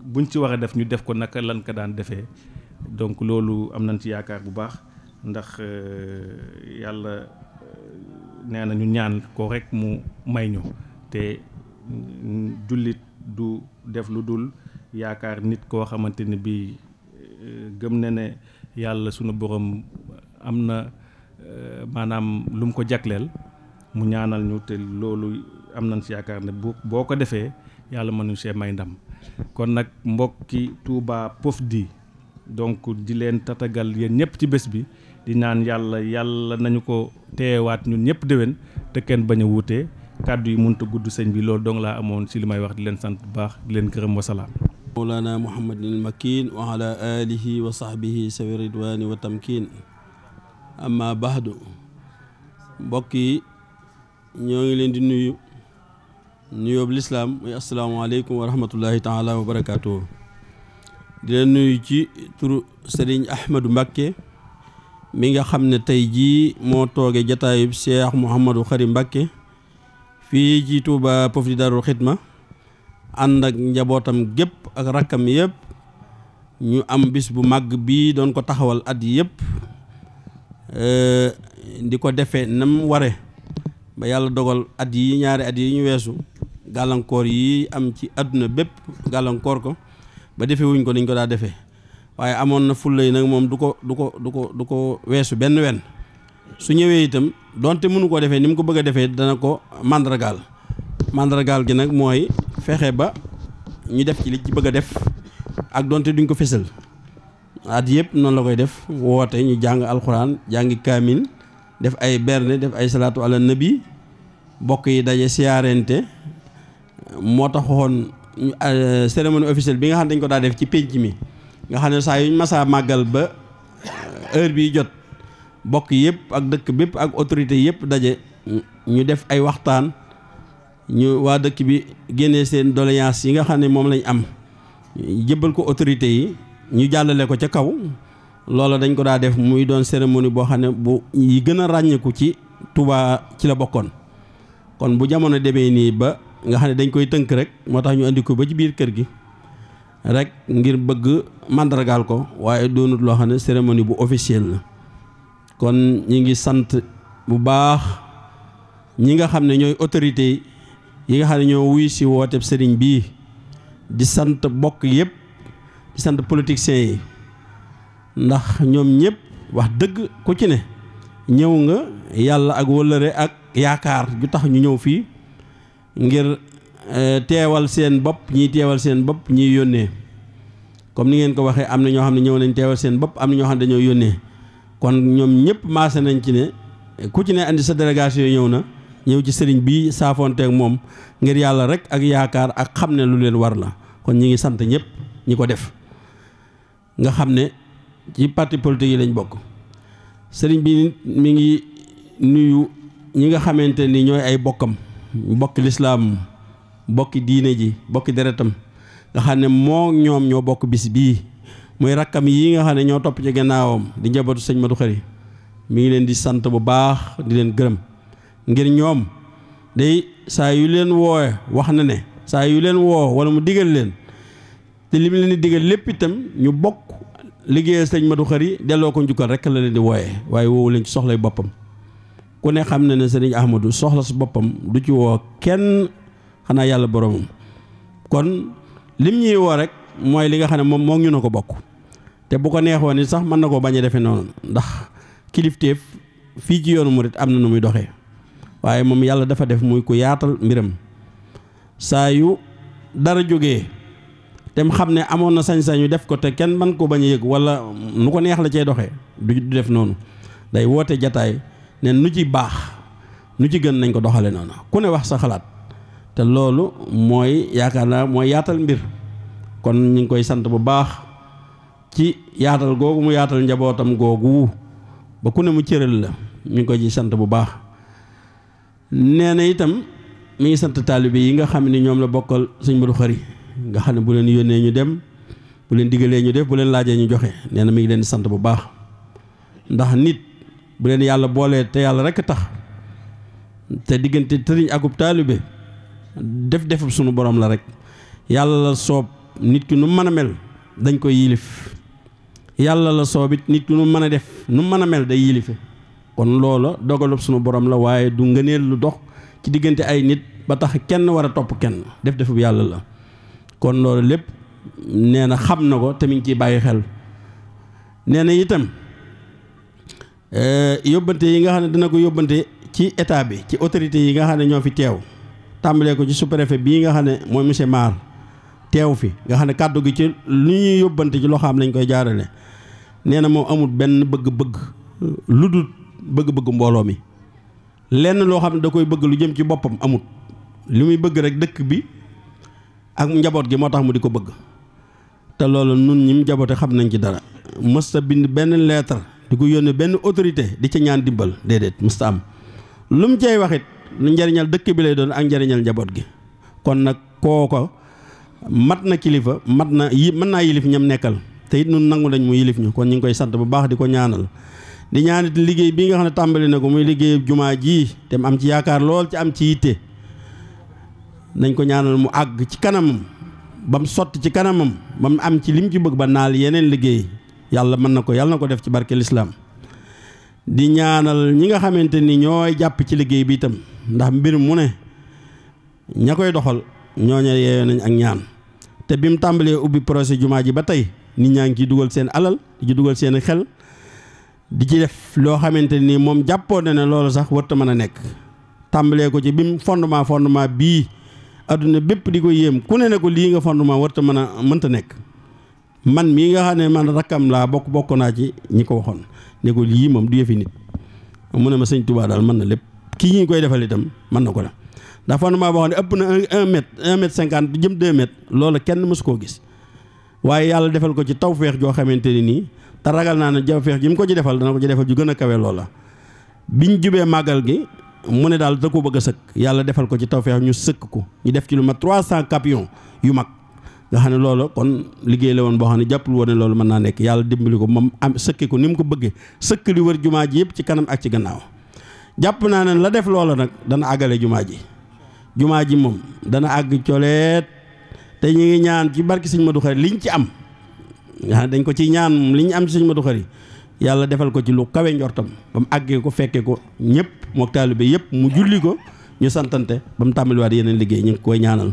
buñ ci war a def ñu def ko naka lan ko daan defee donc loolu am nañ ci yaakaar bu baax ndax euh, yàlla euh, nee na ñu ñaan ko rek mu may ñu te mm, jullit du def lu dul yaakaar nit koo xamante ni bii gëm na ne yàlla sunu borom am na maanaam lu mu ko jagleel mu ñaanal ñu te loolu am nañ si yaakaar ne bu boo ko defee yàlla mënuñu see may ndam kon nag mbokki Touba Pofdy donc di leen tatagal yéen ñëpp ci bés bi di naan yàlla yàlla nañu ko teewaat ñun ñëpp déwén te kenn bañ a wuute kàddu yi mënut a gudd sëñ bi loolu dong laa amoon si li may wax di leen sant bu baax di leen gërëm wasalaam mawlana muhammadin makin wa ala alihi wa sahbihi sawi ridwani wa tamkin amma bahdu mbokk yi ñoo ngi leen di nuyu nuyoob lislaam muy asalaamaaleykum wa rahmatullahi taala wa barakaatu. di nuyu ci turu Serigne Ahmadou Mbacké mi nga xam ne tey jii moo tooge jataayub Cheikh Mouhamadou xari Mbacké fii ci Touba Pofdy Darou Khidma ànd ak njabootam gépp ak rakkam yépp ñu am bis bu màgg bi doon ko taxawal at yépp di ko defe nam ware ba yàlla dogal at yi ñaari at yi ñu weesu gàllankoor yi am ci àdduna bépp gàllankoor ko ba defe ko niñ ko daa defee waaye amoon na fulla yi nag moom du ko du ko du ko du ko weesu benn wen su ñëwee itam donte mënu koo defee ni mu ko bëgg a defee dana ko màndargaal màndargaal gi nag mooy fexe ba ñu def ci li ci bëgg a def ak donte duñ ko fésal at yëpp noonu la koy def woote ñu jàng alxuraan jàngi kaamil def ay berne def ay salaatu ala nabi bokk yi daje siyaarente moo taxoon euh, cérémonie officielle bi nga xam dañ ko daa def ci pénc mi nga xam ne saa yuñ masaa màggal ba euh, heure bi jot bokk yëpp ak dëkk bépp ak autorité yëpp daje ñu def ay waxtaan ñu waa dëkk bi génnee seen doléance yi nga xam ne moom lañ am jëbbal ko autorité yi ñu jàllale ko ca kaw loola dañ ko daa def muy doon cérémonie boo xam ne bu yi gën a ràññeeku ci Touba ci la bokkoon kon bu jamono demee nii ba nga xam ne dañ koy tënk rek moo tax ñu indi ko ba ci biir kër gi rek ngir bëgg màndargaal ko waaye doonut loo xam ne cérémonie bu officielle la kon ñi ngi sant bu baax ñi nga xam ne ñooy autorité yi nga xam ne ñoo wuy si wooteb sëriñ bii di sant bokk yëpp di sant politiciens yi ndax ñoom ñëpp wax dëgg ku ci ne ñëw nga yàlla ak wëllëre ak yaakaar ju tax ñu ñëw fii ngir e, teewal seen bopp ñiy teewal seen bopp ñiy yónnee comme ni ngeen ko waxee am na ñoo xam ne ñëw nañ teewal seen bopp ñoo xam ne dañoo yónnee kon ñoom ñëpp maase nañ ci ne ku ci ne andi sa délégation ñëw na ñëw ci sëriñ bii saafoonteeg moom ngir yàlla rek ak yaakaar ak xam ne lu leen war la kon ñi ngi sant ñëpp ñi ko def nga xam ne ci parti politique yi lañ bokk sëriñ bi mi ngi nuyu ñi nga xamante ni ñooy ay bokkam bokki lislaam bokki diine ji bokki deretam nga xam ne moo ñoom ñoo bokk bis bii muy rakkam yi nga xam ne ñoo topp ci gannaawam di njabootu sëñ Madou Khary mu ngi leen di sant bu baax di leen gërëm ngir ñoom day saa yu leen woowe wax na ne saa yu leen woo wala mu digal leen te li mu leen di digal lépp itam ñu bokk liggéeyal sëñ Madou Khary delloo ko njukkal rek la leen di wooye waaye woowu leen ci soxlay boppam ku ne xam na ne sëriñ Ahmadou soxla su boppam du ci woo kenn xanaa yàlla boromam kon lim ñuy woo rek mooy li nga xam ne moom moo ñu na ko bokk te bu ko neexoon it sax mën na koo bañ a defee noonu ndax kilifteef fii ci yoonu murit am na nu muy doxe waaye moom yàlla dafa def muy ku yaatal mbiram saa yu dara jógee tem xam ne amoon na sañ-sañu def ko te kenn man ko bañ a yëg wala nu ko neex la cee doxee du def noonu day woote jataay neen nu ci baax nu ci gën nañ ko doxale noonu ku ne wax sa xalaat te loolu mooy yaakaar naa mooy yaatal mbir kon ñu ngi koy sant bu baax ci yaatal googu mu yaatal njabootam googu ba ku ne mu cëral la ñu ngi koy ci sant bu baax nee na itam mi ngi sant taalibe yi nga xam ne ñoom la bokkal suñ mbaru xari nga xam ne bu leen yónnee ñu dem bu leen digalee ñu def bu leen laajee ñu joxe nee na mi ngi leen sant bu baax ndax nit bu leen yàlla boolee te yàlla rekk tax te diggante tëriñ akub taalibe def defub sunu borom la rek yàlla la soob nit ki nu mën a mel dañ koy yilif yàlla la soob soobit nit ki nu mën a def nu mën a mel day yilife kon loola dogalub sunu borom la waaye du ngëneel lu dox ci diggante ay nit ba tax kenn war a topp kenn def defub yàlla la kon loolu lépp nee na xam na ko te mi ngi bàyyi xel nee itam Eh, yóbbante yi nga xam ne dina ko yóbbante ci état bi ci autorité yi nga xam ne ñoo fi teew tàmbalee ko ci sous-préfet bii nga xam ne mooy monsieur Mar teew fi nga xam ne kàddu gi ci lu ñuy yóbbante ci loxo am lañ koy jaarale nee na moom amul benn bëgg-bëgg lu dul bëgg-bëgg mbooloo mi lenn loo xam ne da koy bëgg lu jëm ci boppam amut li muy bëgg rek dëkk bi ak njaboot gi moo tax mu di ko bëgg te loolu nun ñi mu jaboote xam nañ ci dara mësta bind benn lettre di ko yónnee benn autorité di ca ñaan dimbal déedéet musta am lu mu cay waxit lu njariñal dëkk bi lay doon ak njariñal njaboot gi kon nag kooko mat na kilifa mat na yi mën naa yilif ñam nekkal te it nun nangu nañ mu yilif ñu kon ñu ngi koy sant bu baax di ko ñaanal di ñaanit liggéey bii nga xam ne tàmbali na ko muy liggéey jumaa jii te mu am ci yaakaar lool ci am ci yitte nañ ko ñaanal mu àgg ci kanamam ba mu sotti ci kanamam ba mu am ci lim ci bëgg ba naal yeneen liggéey yàlla mën na ko yàlla na ko def ci barke lislaam di ñaanal ñi nga xamante ni ñooy jàpp ci liggéey bi itam ndax mbir mu ne ña koy doxal ñooñu yeeyoo nañ ak ñaan te bi mu tàmbalee ubbi projet jumaa ji ba tey ni ñaa ngi ciy dugal seen alal di ci dugal seen xel di ci def loo xamante ni moom jàppoo na ne loolu sax warta mën a nekk tàmbalee ko ci bi mu fondement fondement bii adduna bépp di ko yéem ku ne ne ko lii nga fondement warta mën a mënta nekk man mii nga xam ne man rakkam laa bokk bokk naa ci ñi ko waxoon ne ko lii moom du yëfi nit mu ne ma sëñ Tuubaa daal mën na lépp kii ñu koy defal itam mën na ko la ndax fan maa waxoon ne ëpp na un mètre un mètre cinquante jëm deux mètres loolu kenn mësu koo gis waaye yàlla defal ko ci tawféex joo xamante ne nii te ragal naa ne tawféex ji mu ko ci defal dana ko ci defal ju gën a kawe loola bi ñu jubee màggal gi mu ne daal da ko bëgg a sëkk yàlla defal ko ci tawféex ñu sëkk ko ñu def ci lu mat trois cent camions yu mag nga xam ne loolu kon liggéey la woon boo xam ne jàppul woon ne loolu mën naa nekk yàlla dimbali ko moom am sëkki ko ni mu ko bëggee sëkk li wër jumaa ji yëpp ci kanam ak ci gannaaw jàpp naa ne la def loola nag dana àggale jumaa ji jumaa ji moom dana àgg coleet te ñu ngi ñaan ci barki sëñ Madou Khari liñ ci am nga xam ne dañ ko ci ñaan moom ñu am ci ma Madou Khari yàlla defal ko ci lu kawe njortam ba mu àggee ko fekkee ko ñëpp mook taalibe yëpp mu julli ko ñu santante ba mu yeneen liggéey ñu ngi koy ñaanal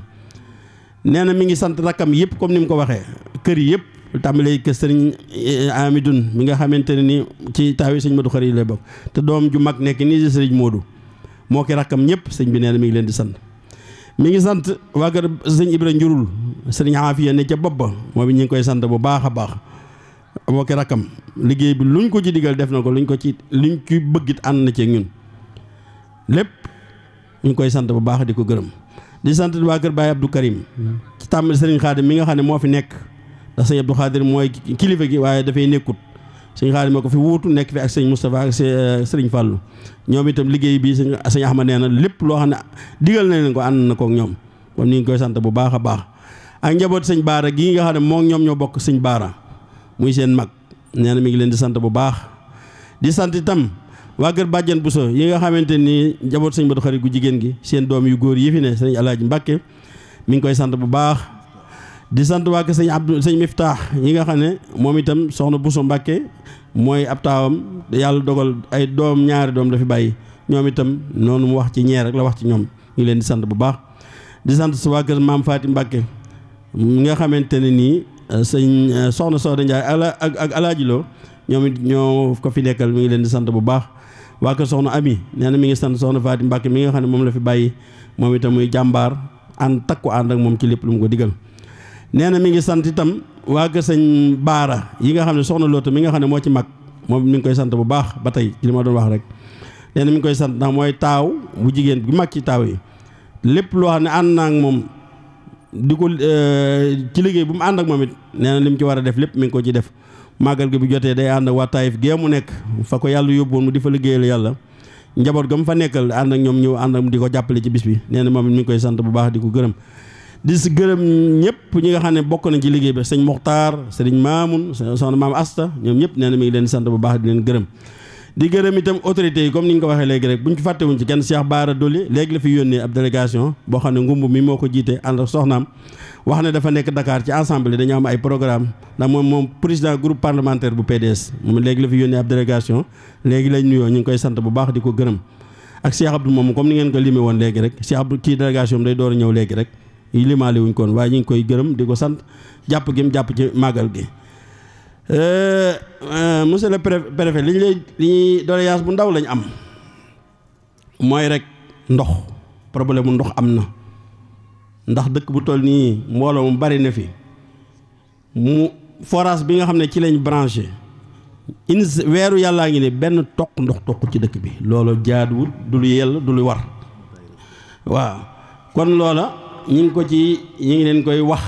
nee na mi ngi sant rakkam yëpp comme ni mu ko waxee kër yëpp tàmbalee kër sëriñ eh, Amidoun mi nga xamante ne ni ci taawi sëñ Modou Khari lay bokk te doom ju mag nekk nii di sëriñ Modou moo ki rakkam ñëpp sëñ bi nee na mi ngi leen di sant. mi ngi sant waa kër sëñ Ibra njurul sëriñ Afiya ne ca bopp ba moom bi ñu ngi koy sant bu baax a baax moo ki rakkam liggéey bi luñ ko ci digal def na ko luñ ko ci luñ ci bëggit ànd na cee ñun lépp ñu ngi koy sant bu baax di ko gërëm. di sant baa kër Baye Abdou Karim ci tàmbali Serigne Khadim mi nga xam ne moo fi nekk ndax sëñ Abdou Khadir mooy kilifa gi waaye dafay nekkut sëñ Khadim moo ko fi wuutu nekk fi ak sëñ Moustapha ak sëriñ euh, Fallou ñoom itam liggéey bi sëñ sëñ Ahmad nee na lépp loo xam ne digal na leen ko ànd na ko ak ñoom kon ñu ngi koy sant bu baax a baax ak njaboot sëñ Baara gii nga xam ne mook ñoom ñoo bokk sëñ Baara muy seen mag nee na mi ngi leen di sant bu baax di sant itam waa kër bàjjan Bousso yi nga xamante ni njaboot sëñ Badou Khary ku jigéen gi seen doom yu góor yi fi ne sëñ Alaaji Mbàkke mi ngi koy sant bu baax di sant waa kër sëñ Abdou sëñ Miftaax yi nga xam ne moom itam soxna Bousso Mbàkke mooy ab taawam yàlla dogal ay doom ñaari doom dafi bàyyi ñoom itam noonu mu wax ci ñeer la wax ci ñoom ñu leen di sant bu baax di sant su waa kër maam Faati Mbàkke mi nga xamante ne nii euh, sëñ euh, soxna Sooda Njaay ala ak ak alaajiloo ñoom it ñoo ko fi nekkal mu ngi leen di sant bu baax waa kër soxna ami nee na mi ngi sant soxna Faati Mbàkke mi nga xam ne moom la fi bàyyi moom itam muy jàmbaar ànd takku ànd ak moom ci lépp lu mu ko digal nee na mi ngi sant itam waa kër baara yi nga xam ne soxna Lootu mi nga xam ne moo ci mag moom mi ngi koy sant bu baax ba tey li ma doon wax rek nee na mi ngi koy sant ndax mooy taaw bu jigéen bu mag ci taaw yi lépp loo xam ne ànd naa ak moom di ko eh, ci liggéey bu mu ànd ak moom it nee na li mu ci war a def lépp mi ngi ko ci def màggal gi bu jotee day ànd ak waa Taïf gee mu nekk fa ko yàlla yóbboon mu di fa liggéeyal yàlla njaboot ga mu fa nekkal ànd ak ñoom ñëw ànd ak di ko jàppale ci bis bi nee na moom mi ngi koy sant bu baax di ko gërëm di si gërëm ñëpp ñi nga xam ne bokk nañ ci liggéey bi sëñ Mokhtar sëriñ Maamun soxna Maam Asta ñoom ñëpp nee na mi ngi leen sant bu baax di leen gërëm di gërëm itam autorité yi comme ni ñu ko waxee léegi rek buñ ci fàttewuñ ci kenn Cheikh Baara Doli léegi la fi yónnee ab délégation boo xam ne ngumb mi moo ko jiite ànd ak soxnaam wax ne dafa nekk ndakaar ci assemblée dañu am ay programme ndax moom moom président groupe parlementaire bu PDS moom léegi la fi yónnee ab délégation léegi lañ nuyoo ñu ngi koy sant bu baax di ko gërëm ak Cheikh Abdou moom comme ni ngeen ko limee woon léegi rek Cheikh Abdou kii délégation bi ñëw léegi rek limaale wuñ koon waaye ñu ngi koy gërëm di ko sant jàpp gi mu jàpp ci màggal gi Euh, euh, monsieur le préfet li ñu lay li ñuy doléance bu ndaw lañu am mooy rek ndox problème mu ndox am na ndax dëkk bu tool nii mbooloo mu bari na fi mu forage bi nga xam ne ci lañ branché in weeru yàllaa ngi ne benn toq ndox toq ci dëkk bi loolu jaaduwut du lu yell du lu war waaw kon loola ñu ngi ko ci ñu ngi leen koy wax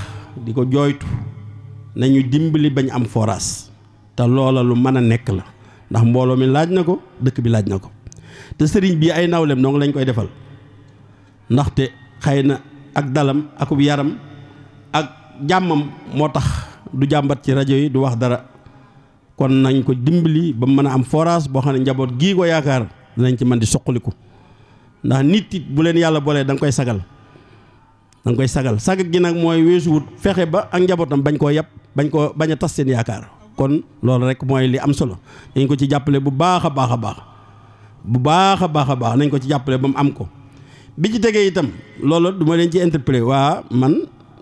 di ko jooytu nañu dimbali bañ am forage te loola lu mën a nekk la ndax mbooloo mi laaj na ko dëkk bi laaj na ko te sëriñ bii ay nawlem dong lañ koy defal ndaxte xëy na ak dalam akub yaram ak jàmmam moo tax du jàmbat ci rajo yi du wax dara kon nañ ko dimbali ba mën a am forage boo xam ne njaboot gii ko yaakaar dinañ ci mën di soqaliku ndax nit bu leen yàlla boolee danga koy sagal da koy sagal sagal gi nag mooy weesuwut fexe ba ak njabootam bañ koo yàpp bañ koo bañ a tas seen yaakaar kon loolu rek mooy li am solo dañ ko ci jàppale bu baax a baax a baax bu baax a baax a baax nañ ko ci jàppale ba mu am ko bi ci tegee itam loolu du ma leen ci interpellé waa man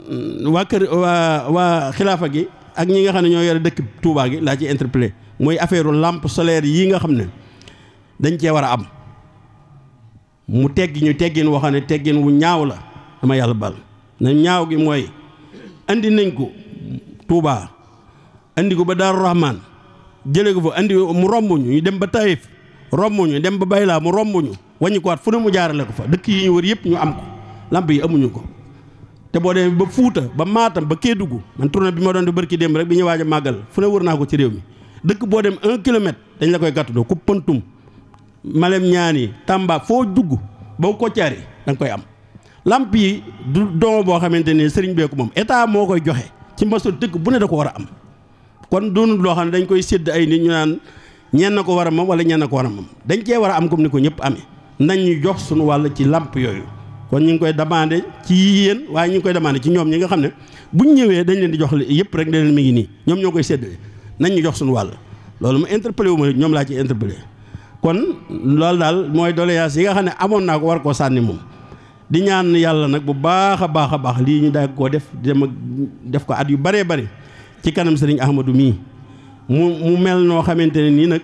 mm, waa kër waa waa xilaafa gi ak ñi nga xam ne ñoo yore dëkk tuubaa gi laa ci interpellé mooy affaire làmp solaire yi nga xam ne dañ cee war a am mu teggi ñu teggin woo xam ne teggin wu ñaaw la dama yàlla bal na ñaaw gi mooy indi nañ ko Touba andi ko ba Daaru Rahman jële ko fa andi mu romb ñu ñu dem ba Taïf romb ñu dem ba Bayla mu romb ñu wàññi ko waat fu ne mu jaarale ko fa dëkk yi ñu wër yëpp ñu am ko lamp yi amuñu ko. te boo demee ba Fuuta ba maatam ba Kédougou man tournée bi ma doon di barki dem rek bi ñu waaj a màggal fu ne wër naa ko ci réew mi dëkk boo dem un kilomètre dañ la koy gàttandoo ku Pontum Malem Ñaani Tamba foo dugg ba Koccaari da koy am. lamp yi du don boo xamante ne sëriñ moom état moo koy joxe. ci masul dëkk bu ne da ko war a am kon doonul loo xam ne dañ koy sédd ay nit ñu naan ñenn ko war a moom wala ñenn ko war a moom dañ cee war a am comme ni ko ñëpp amee nañ ñu jox suñu wàll ci làmp yooyu kon ñu ngi koy demandé ci yéen waaye ñu koy demandé ci ñoom ñi nga xam ne bu ñu ñëwee dañ leen di jox yëpp rek dañ leen mi ngi nii ñoom ñoo koy séddale nañ ñu jox suñu wàll loolu mu interpellé wu ma ñoom laa ci interpellé kon loolu daal mooy doléance yi nga xam ne amoon naa ko war koo sànni moom di ñaan yàlla nag bu baax a baax a baax lii ñu daag koo def dem def ko at yu baree bari ci kanam sëriñ Ahmadou mii mu mu mel noo xamante ne nii nag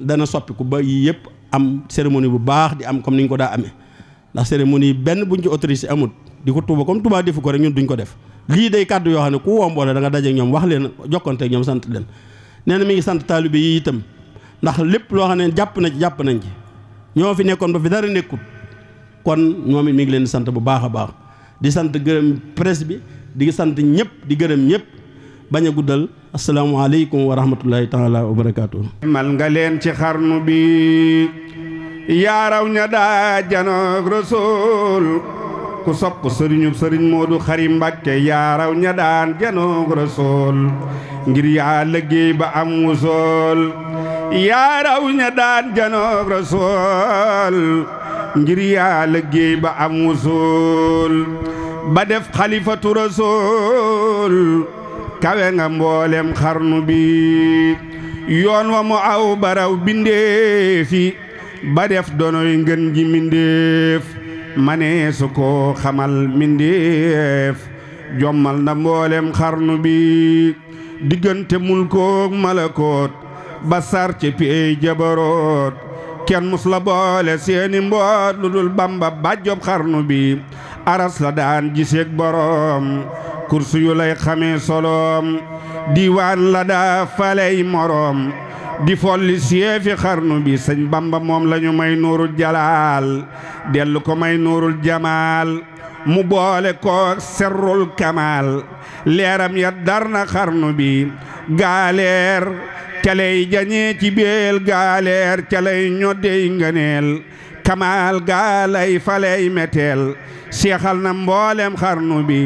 dana soppiku ba yii yëpp am cérémonie bu baax di am comme ni ñu ko daa amee ndax cérémonie benn buñ ci autorisé amut di ko tuuba comme tuuba defu ko rek ñun duñ ko def lii day kàddu yoo xam ne ku womboole da nga daje ñoom wax leen jokkante ñoom sant leen nee na mi ngi sant taalibe yi itam ndax lépp loo xam ne jàpp na jàpp nañ ci ñoo fi nekkoon ba fi dara nekkut kon ñoom it mi ngi leen di sant bu baax a baax di sant gërëm presse bi di sant ñëpp di gërëm ñëpp bañ a guddal asalaamaaleykum wa rahmatullahi taala wa barakaatu. mal nga leen ci xarnu bi yaaraw ña daa janoog rasul ku sopp sëriñu sëriñ Moodu Xari Mbàkke ña daan janoog rasul ngir yaa liggéey ba am wusool yaaraw ña daan janoog rasul ngir yaa liggéey ba am wusul ba def xalifatu kawe nga mboolem xarnu bi yoon wa mu aw baraw bindeefi ba def donoy ngën ji mindeef mane su ko xamal mindeef jommal na mboolem xarnu bi diggante mulkook malakoot ba sar ci pey kenn mus la boole seeni mboot lu dul bamba bàjjob xarnu bi aras la daan giseeg boroom kursu yu lay xamee soloom diiwaan la daa faley moroom di folli seefi xarnu bi sëñ bamba moom lañu may nuurul jalaal dellu ko may nuurul jamaal mu boole ko serrul kamaal leeram ya dar xarnu bi gaaleer caley jañee ci beel gaaleer caley ñoddey nganeel kamaal gaalay faley meteel seexal na mboolem xarnu bi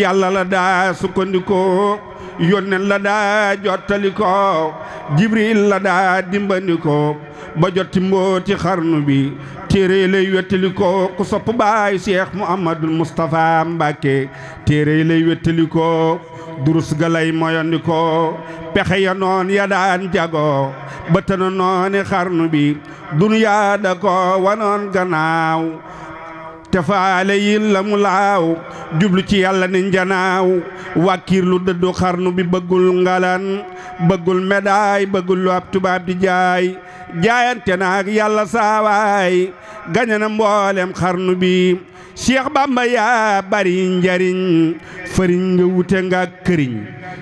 yàlla la daa sukkandikoo yónneen la daa jottalikoo jibril la daa dimbandikoo ba jotti mbooti xarnu bi téere lay wettalikoo ku sopp baay seex muhammadul mustapha mbàkke téere lay wettalikoo durus ga lay moyandikoo pexe ya noon ya daan jagoo bëtëna nooni xarnu bi dunyaa da ko wanoon gannaaw te faale yi la mu laaw jublu ci yàlla ni njanaaw wàkkiir lu dëddu xarnu bi bëggul ngalan bëggul médaay bëggul lu tubaab di jaay jaayante naag yàlla saawaay gañe mboolem xarnu bi Cheikh Bamba yaa bari njariñ fariñ nga wute nga këriñ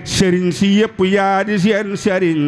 sëriñ si yëpp yaa di seen sëriñ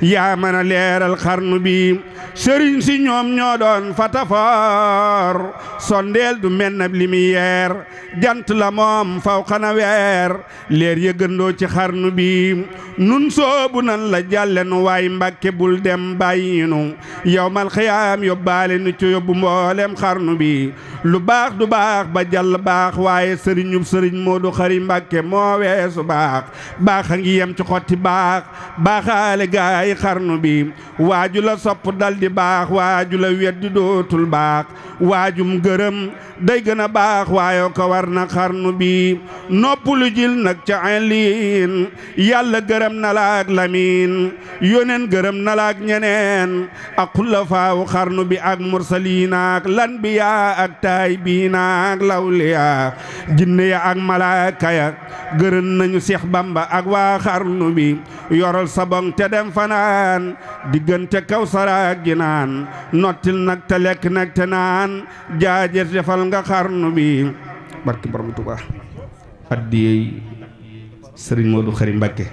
yaa a leeral xarnu bi sëriñ si ñoom ñoo doon fatafoor sondeel du mel na lumière jant la moom faw xana weer leer yëgandoo ci xarnu bi nun soobu nan la jàlle nu waay mbàkke bul dem bàyyinu yowmal xiyaam yóbbaale nu ci yóbbu mboolem xarnu bi lu baax du baax ba jàll baax waaye sëriñub sëriñ Moodu Xari Mbàkke moo weesu baax baax a ngi yem ci xotti baax baaxaale gaay xarnu bi waaju la sopp daldi di waa waaju la weddi dootul baax waajum gërëm day gën a baax waayo ko war na xarnu bi noppalu jil nag ca aliin yàlla gërëm na laak lamiin yóneen gërëm na laak ñeneen ak xulafaawu xarnu bi ak mursaliinaak lanbiyaa ak taayibiinaak lawliyaa jinne ya ak malaaka ya gërëm nañu Seex Bamba ak waa xarnu bi yoral sabong te dem fanaan diggante kawsara ak jinaan nottil nag te lekk nag te naan jaajër defal nga xarnu bi barki borom sëriñ Modou Khary Mbacké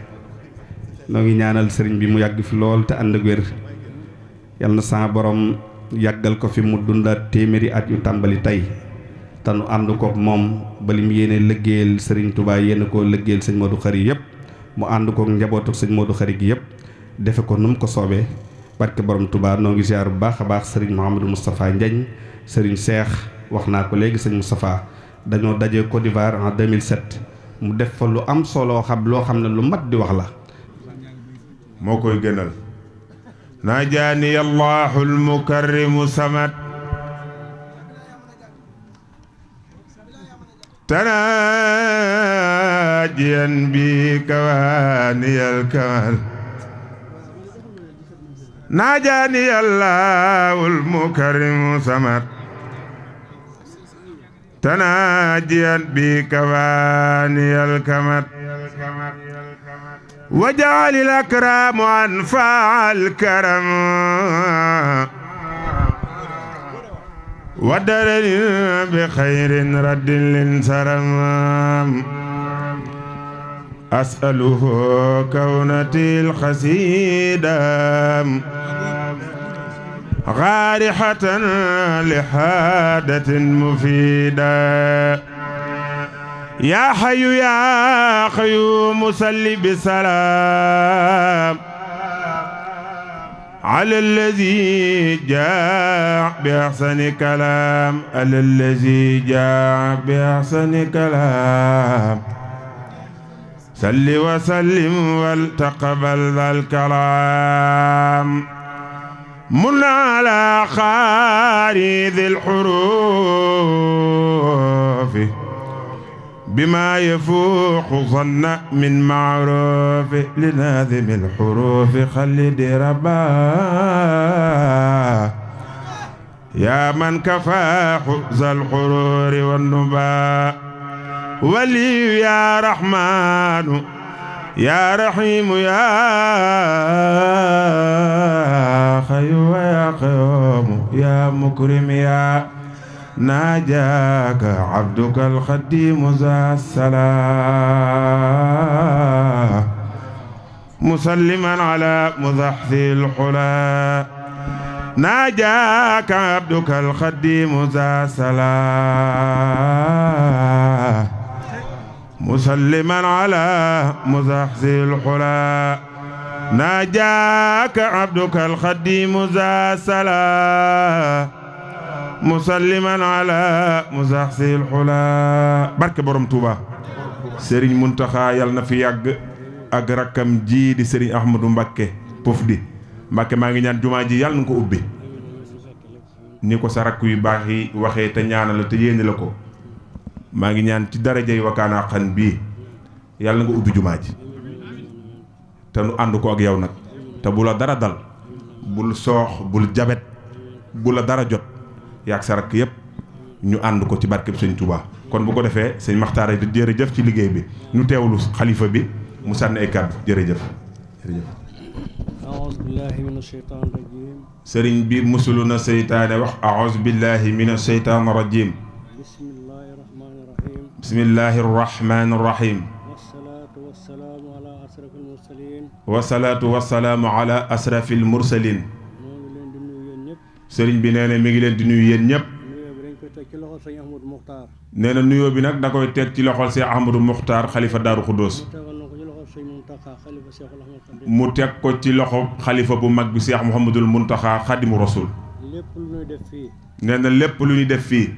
noo ngi ñaanal sëriñ bi mu yàgg fi lool te ànd ak yal na sa borom yàggal ko fi mu dunda téeméeri at yu tàmbali tey te nu ànd ko moom ba lim yéene liggéeyal sëriñ Touba yéene koo liggéeyal sëñ Modou Khary yépp mu ànd kook njabootu sëñ Modou Khary gi yëpp defe ko nu mu ko soobee barke borom tubaab noo ngi ziar bu baax a baax sëriñ Mouhamadou Moustapha Ndiagne sëriñ Cheikh wax naa ko léegi sëñ Moustapha dañoo daje Côte d'Ivoire en 2007 mu def fa lu am solo xam loo xam ne lu mat di wax la. moo koy gënal. najaani allahu almukarimu samad ناجيا بكواني الكمال ناجاني الله المكرم سمر تناجيا بكواني الكمر وجعل الأكرام أنفع الكرم ودرر بخير رد لنسرم أسأله كونتي الخسيدة غارحة لحادة مفيدة يا حي يا قيوم صل بسلام على الذي جاء بأحسن كلام على الذي جاء بأحسن كلام صل وسلم والتقبل ذا الكلام من على خارج الحروف بما يفوق ظن من معروف لناظم الحروف خلد ربا يا من كفاح ذا الحرور والنبا ولي يا رحمن يا رحيم يا خيو يا قيوم يا مكرم يا ناجاك عبدك الخديم ذا السلام مسلما على مزحف الحلا ناجاك عبدك الخديم ذا السلام مسلما على مزحف الحلا ناجاك عبدك الخديم ذا السلام musalliman ala musaxsi lxula barke borom Touba Serigne Mountakha yàlla na fi yàgg ak rakkam ji di Serigne Ahmadou Mbakke pof di Mbakke maa ngi ñaan jumaa ji yàlla na ko ubbi ni ko sa rakk yu baax waxee te ñaana la te yéene ko maa ngi ñaan ci darajay wakaana xan bii yàlla nga ubbi jumaa ji te nu ànd ko ak yow nag te bu la dara dal bul soox bul jabet bu la dara jot yaag sa rakk yëpp ñu ànd ko ci barkeb sëñ Touba kon bu ko defee sëñ Maxtaar jër jëf ci liggéey bi ñu teewlu xalifa bi mu sànni ay kàddu jërëjëf jërëjëf aouzu bi musulu na seytaane wax aouzu billahi min asheytan rajim bismillahi rahmani rahim sëriñ bi nee na mi ngi leen di nuyu yéen ñëpp. nee na nuyoo bi nag da koy teg ci loxol Cheikh Ahmadou Moukhtar xalifa Daaru Khoudoss. mu teg ko ci loxo xalifa bu mag bi Cheikh Mouhamadul Mountakha Khadimu Rasul. nee na lépp lu def fii.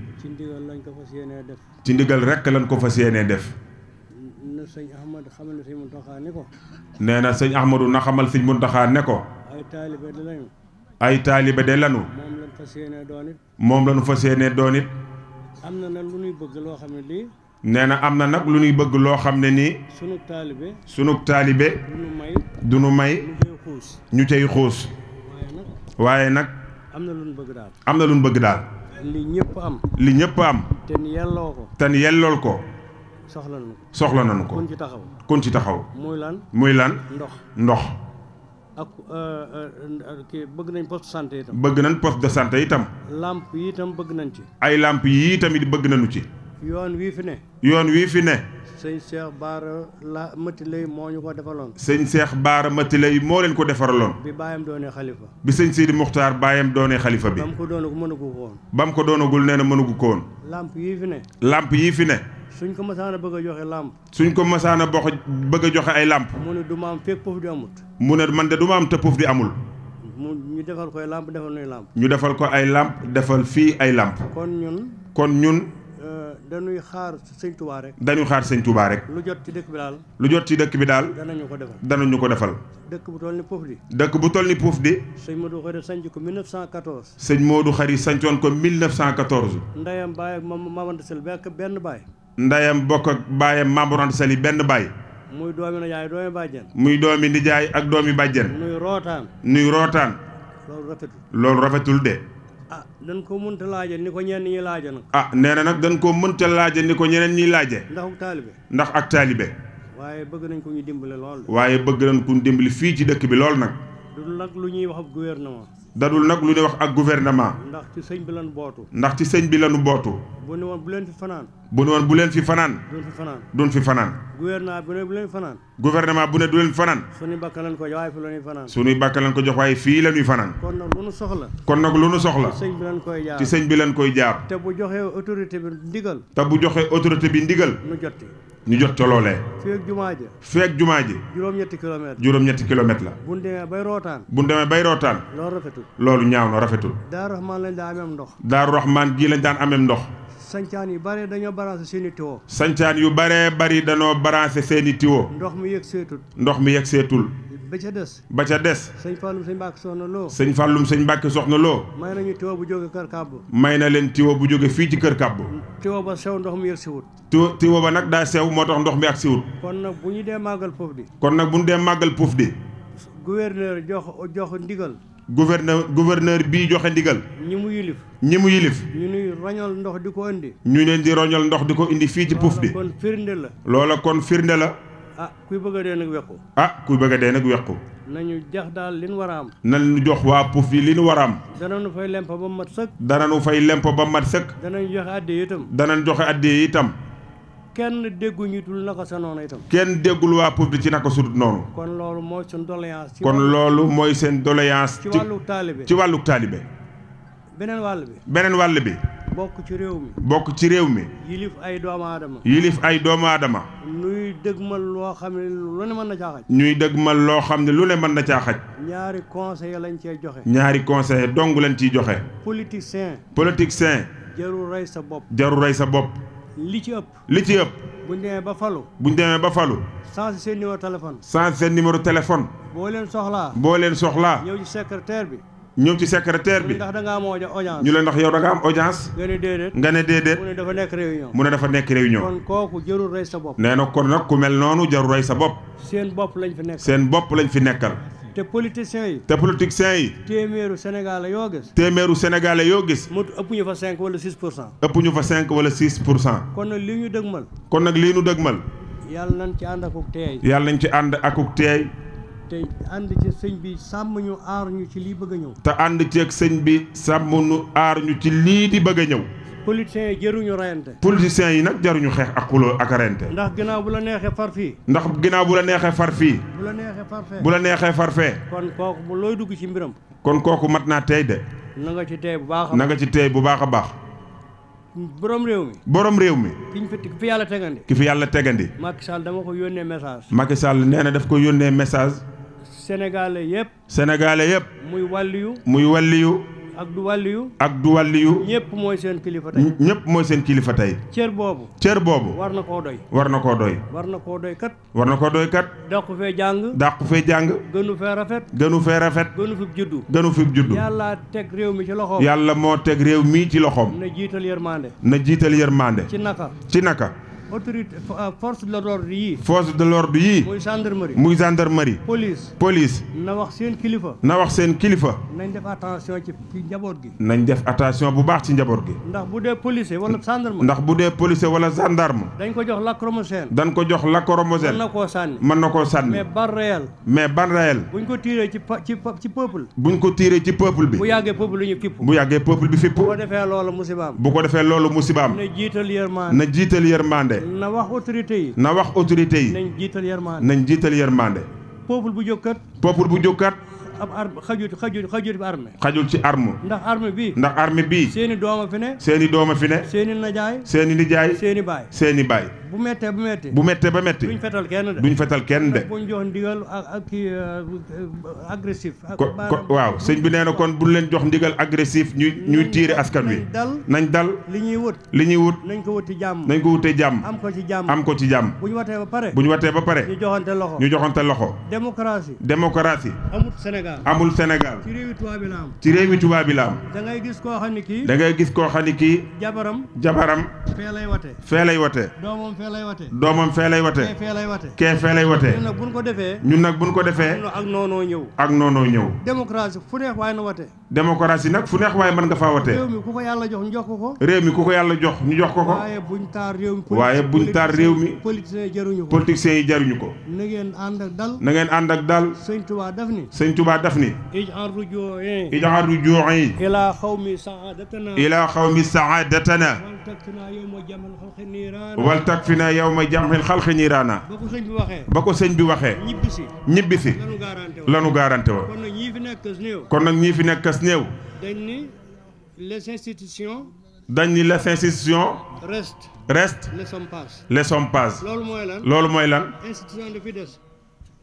ci ndigal rekk lañ ko fas yéenee def. nee na sëñ Ahmadou na xamal sëñ Mountakha ne ko. ay taalibe de lanu moom la ñu fas yéenee doon it am na nag lu ñuy bëgg loo xam ne nii nee na am na nag lu ñuy bëgg loo xam ne nii sunug taalibe sunug taalibe duñu may duñu may ñu cay xuus waaye nag am na lu ñu bëgg daal am na lu ñu bëgg daal li ñëpp am li ñëpp am te ni yelloo ko te ni yellool ko soxla nañu ko soxla nañu ko kun ci taxaw kun ci taxaw muy lan muy lan ndox ndox ak euh, euh, kii bëgg nañ poste de santé itam. bëgg nañ poste de santé itam. làmp yi itam bëgg nañ ci. ay làmp yii tamit bëgg nañu ci. yoon wii fi ne. yoon wii fi ne. sëñ Cheikh Baara la Matiley moo ñu ko defaloon. sëñ Cheikh Baara Matiley moo leen ko defaraloon. bi baayam doonee xalifa. bi sëñ Sidi Muxtaar baayam doonee xalifa bi. ba mu ko doonagul ko woon. ba ko doonagul nee na mënagu koon làmp lamp yii fi ne. lamp yii fi ne. suñ ko masaana bëgg a joxe làmp suñ ko masaana box bëgg a joxe ay làmp mu ne du ma am fekk puuf di amut mu ne man de du maam te puuf di amul mu ñu defal ko ay làmp defal nuy ñu defal ko ay làmp defal fii ay làmp kon ñun kon ñun euh, dañuy xaar sëñ Touba rek. dañuy xaar sëñ Touba rek. lu jot ci dëkk bi daal. lu jot ci dëkk bi daal. danañu ko defal danañu ko defal. dëkk bu toll ni puuf di. dëkk bu toll ni puuf di. sëñ Modou Khari sanc ko 1914. sëñ Modou Khari sancoon ko 1914. Ndeyam Baye ak Maam Anta Sall benn baay. ndeyam bokk ak baayam membre sali benn baay. muy doomi nijaay doomi bàjjen. muy doomi nijaay ak doomi bàjjen. nuy rootaan. nuy rootaan. loolu rafetul. loolu rafetul de. ah dañ ko mënta laaje ni ko ñeen ñi laaja nag. ah nee na nag dañ ko mënta laaje ni ko ñeneen ñi laaje. ndax ak taalibe. ndax ak taalibe. waaye bëgg nañ ko ñu dimbali lool. waaye bëgg nañ ko ñu dimbali fii ci dëkk bi lool nag. du nag lu ñuy wax gouvernement. dadul nag lu ne wax ak gouvernement. ndax ci sëñ bi lañu bootu. ndax ci sëñ bi lanu bootu. bu ne woon bu leen fi fanaan. bu ne woon bu leen fi fanaan. duñ fanaan. duñ fi fanaan. gouvernement bu ne bu fanaan. gouvernement bu ne du leen fanaan. suñuy bàkk lañ ko jox waaye fii la fanaan. bàkk lañ ko jox waaye fii la ñuy fanaan. kon nag lu nu soxla. kon nag lu nu soxla. ci sëñ bi lañ koy jaar sëñ bi lañ koy jaar. te bu joxee autorité bi ndigal. te bu joxee autorité bi ndigal. nu jotti. ñu jot ca loolee. feeg jumaa ji. feeg jumaa ji. juróom-ñetti kilomètre. kilomètre la. bu ñu demee bay rootaan. bu ñu demee bay rootaan. loolu rafetul. loolu ñaaw na rafetul. daaru Rahman lañ daan amee ndox. daaru Rahman gii lañ daan amee ndox. sancaan yu bare dañoo branché seen i tiwo sancaan yu bare bari dañoo branché seen i tiwo ndox mi yegg seetul ndox mi yegg seetul ba ca des ba ca des sëñ Fallum sëñ Mbàkke soxna loo sëñ Fallum sëñ Mbàkke soxna loo may nañu tiwo bu jóge kër kàbb may na leen tiwo bu jóge fii ci kër kàbb tiwo ba sew ndox mi yegg siwut tiwo tiwo ba nag daa sew moo tax ndox mi ak siwut kon nag bu ñu dee màggal puuf di kon nag bu ñu dee màggal puuf di gouverneur jox jox ndigal gouverneur gouverneur bii joxe ndigal. ñi mu yilif. ñi mu yilif. ñu nuy roñol ndox di ko indi. ñu leen di roñol ndox di ko indi fii ci puuf bi. kon firnde la. loola kon firnde la. ah kuy bëgg dee nag wequ. a ah, kuy bëgg a dee nag wequ. nañu jax daal li nu war a am. jox waa puuf bi li nu war a am. danañu fay lemp ba mat sëkk. danañu fay lemp ba mat sëkk. danañ joxe adde itam. danañ joxe adde itam. kenn dégguñu dul naka sa noonu itam. kenn déggul waa pub ci naka sudut noonu. kon loolu mooy seen doléance. kon loolu mooy seen doléance. ci wàllu taalibe ci wàllu taalibe. beneen wàll bi. beneen wàll bi. bokk ci réew mi. bokk ci réew mi. yilif ay doomu aadama. yilif ay doomu aadama. ñuy dëgmal loo xam ne lu ne mën na caa xaj. ñuy dëgmal loo xam ne lu ne mën na caa xaj. ñaari conseil lañ cee joxe. ñaari conseil dong lañ ciy joxe. politicien. politicien. jarul rey sa bopp. jarul rey sa bopp. li ci ëpp. li ci ëpp. bu ñu demee ba falu. bu ñu demee ba falu. changé seen numéro téléphone. changé seen numéro téléphone. boo leen soxlaa. boo leen soxlaa. ñëw ci secrétaire bi. ñëw ci secrétaire bi. ndax da nga am audience. ñu leen ndax yow da nga am audience. nga ne déedéet. nga ne déedéet. mu ne dafa nekk réunion. mu ne dafa nekk réunion. kon kooku jarul rey sa bopp. nee na kon nag ku mel noonu jarul rey sa bopp. seen bopp lañ fi nekkal. seen bopp lañ fi nekkal. te politiciens yi. te politiciens yi. téeméeru Sénégal yoo gis. téeméeru Sénégal yoo gis. mu ëpp ñu fa 5 wala 6 pour cent. ëpp ñu fa 5 wala 6 pour cent. kon li lii ñu dëgmal. kon nag lii ñu dëgmal. yàlla nañ ci ànd akuk teey. yàlla nañ ci ànd akuk teey. te ànd ci sëñ bi sàmm ñu aar ñu ci lii bëgg a ñëw. te ànd ci ak sëñ bi sàmm ñu aar ñu ci lii di bëgg a ñëw. politiciens yi jaruñu rayante politiciens yi nag jaruñu xeex ak xuloo ak rayante ndax ginnaaw bu la neexee far fii ndax ginnaaw bu la neexee far fii bu la neexee far fee bu la neexee far fee kon kooku bu looy dugg ci mbiram kon kooku mat naa tey de na nga ci tey bu baax na nga ci tey bu baax a baax borom réew mi borom réew mi ki fi yàlla tegandi ki fi yàlla tegandi Macky Sall dama ko yónnee message Macky Sall nee na daf ko yónnee message sénégalais yëpp sénégalais yëpp muy wàlliyu muy wàlliyu ak du wàlliyu ak du wàlliyu ñëpp mooy seen kilifa tey ñëpp mooy seen kilifa tey cër boobu cër boobu war na koo doy war na koo doy war na koo doy kat war na koo doy kat dàqu fee jàng dàqu fee jàng gënu fee rafet gënu fee rafet gënu fi juddu gënu fi juddu yàlla teg réew mi ci loxoom yàlla moo teg réew mii ci loxoom na jiital yërmande na jiital yërmande ci naka ci naka autorité euh, force de l'ordre yi. force de l'ordre yi. muy gendarmerie. muy gendarmerie. police. police. na wax seen kilifa. na wax seen kilifa. nañ def attention ci njaboot gi. nañ def attention bu baax ci njaboot gi. ndax bu dee policier wala gendarme. ndax bu dee policier wala gendarme. dañ ko jox lacrymogène. dañ ko jox lacrymogène. mën na ko sànni. mën na koo sànni. mais ban réel. mais ban buñ ko tiiree ci ci bu peuple. ko tiiree ci peuple bi. bu yàggee peuple ñu kipp. bu yàggee peuple bi fipp. bu ko defee loolu musibaam. bu ko defee na jiital yërmande. na na wax autorité yi. na wax autorité yi. nañ jiital yërmande. nañ jiital yërmande. bu jóg kat. peuple bu jóg kat. ab arme xajul xajul xajul ci arme xajul ci arme ndax arme bi ndax arme bii seeni dooma fi ne seeni dooma fi ne seeni nijaay seeni nijaay seeni baay seeni baay bu mettee bu mettee bu mettee ba metti duñ fetal kenn de duñ fetal kenn de buñ jox ndigal ak kii euh, agressif waaw sëñ bi nee na kon buñ leen jox ndigal agressif ñu ñuy tiire askan wi nañ dal li ñuy wut li ñuy wut nañ ko wuti jàmm nañ ko wutee jàmm am ko ci jàmm am ko ci jàmm buñ watee ba pare buñ watee ba pare ñu joxante loxo ñu joxante loxo démocratie démocratie amut Sénégal Sénégal amul Sénégal ci réewi tubaab bi la am ci réewi tubaab bi la am da ngay gis koo xam ne kii da ngay gis koo xam ne kii jabaram jabaram fee wate fee wate doomam fee wate doomam fee wate fee lay wate kee fee wate ñun nag buñ ko defee ñun nag buñ ko defee ak noonoo ñëw ak noonoo ñëw démocratie fu neex waaye na wate démocratie nag fu neex waaye mën nga faa wate réew mi ku ko yàlla jox ñu jox ko ko réew mi ku ko ko ko waaye buñ taar réew mi waaye buñ taar yi jaruñu ko politiciens yi ko na ngeen ànd ak dal na ànd ak dal sëñ Touba daf daf ni ij'al ruju'i ij'al ruju'i ila xawmi sa'adatana ila xawmi sa'adatana wal takfina yawma jam'il xalqi niirana ba ko sëñ bi waxee ba ko sëñ bi waxee ñibbisi lanu garante woon kon nag ñii fi nekk kas néew dañ ni les institutions dañ ni les institutions loolu mooy lan loolu mooy lan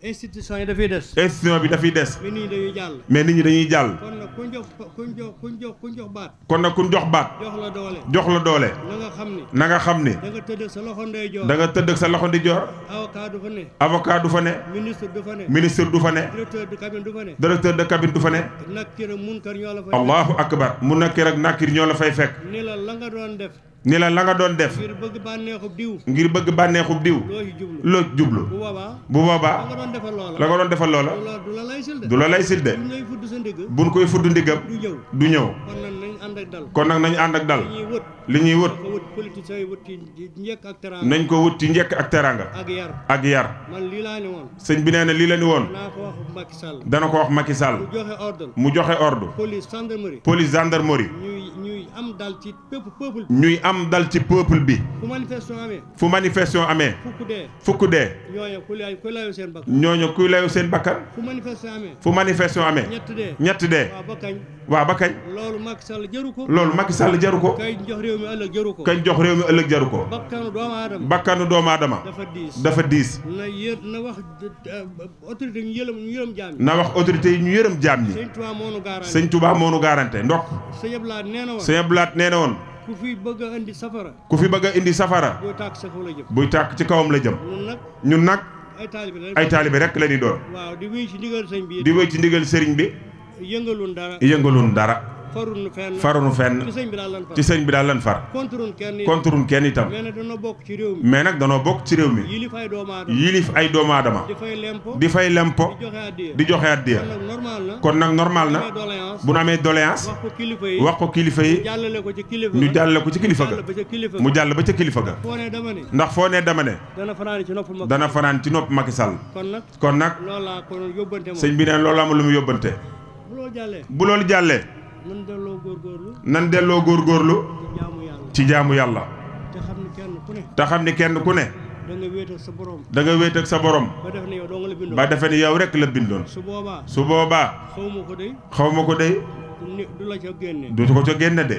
institution yi dafay des. institution bi dafay des. mais nit ñi dañuy jàll. mais nit ñi dañuy jàll. kon nag ku jox kuñ jox kuñ jox kuñ jox baat. kon nag kuñ jox baat. jox la doole jox la doole. na nga xam ni na nga xam ni. da nga tëdd ak sa loxo ndeyjoor. tëdd sa loxo ndeyjoor. avocat du fa ne. avocat du fa ne. ministre du fa ne. ministre du fa ne. directeur de cabine du fa ne. directeur de cabine du fa ne. nakkir ak munkar ñoo la fay. allahu akbar mu nakkir ak nakkir ñoo la fay fekk. la la nga doon def. ni la la nga doon def ngir bëgg bànneexub diw ngir bëgg bànneexub diw loo jublu bu boobaa la nga doon defal loola du la lay sil de buñ koy fudd ndigam du ñëw kon nag nañu ànd ak dal li ñuy wut nañ ko wut ci njekk ak teraanga ak yar sëñ bi nee na lii la ni woon dana ko wax Macky Sall mu joxe ordre police gendarmerie ñuy am dal ci peuple bi fu manifestation amee fukk dee ñooñu kuy layu seen bakkan fu manifestation amee ñett dee. waaw ba kañ. loolu Macky jaru ko. loolu Macky Sall jaru ko. kañ jox réew mi ëllëg jaru ko. kañ jox mi ëllëg jaru ko. bakkanu doomu aadama. bakkanu dafa diis dafa diis. na wax euh, autorité ñu yërëm jaam ñi. yi ñu yërëm jaam ñi. sëñ tubaa moonu nu ndox sëñ Touba nee na woon sëñ ku fi bëgg indi safara. buy tàkk ci kawam la jëm. ñun nag ay taalibe rek la ñuy doon. di wéy ci ndigal ci ndigal sëriñ bi yëngalun dara yëngalun dara farunu fenn ci sëñ bi dal lan far konturun kenn itam mais nag danoo bokk ci réew mi yilif ay doomu di fay lempo di joxe addiya kon nag normal na bu nu amee doléance wax ko kilifa yi ñu jàll ko ci kilifa ga mu jàll ba ca kilifa ga ndax foo ne dama ne dana fanaan ci nopp Macky kon nag sëñ bi neen loolu amul lu mu yóbbante bu lool jàllee nan delloo góorgóorlu nan delloo góorgóorlu ci jaamu yàlla te xam ni kenn ku ne te xam ni kenn ku ne da sa borom da nga wéet ak sa borom ba defe ni yow dong la bindoon rek la bindoon su boobaa su boobaa xaw ma ko day xaw ko day du la ca génne du ko ca génne de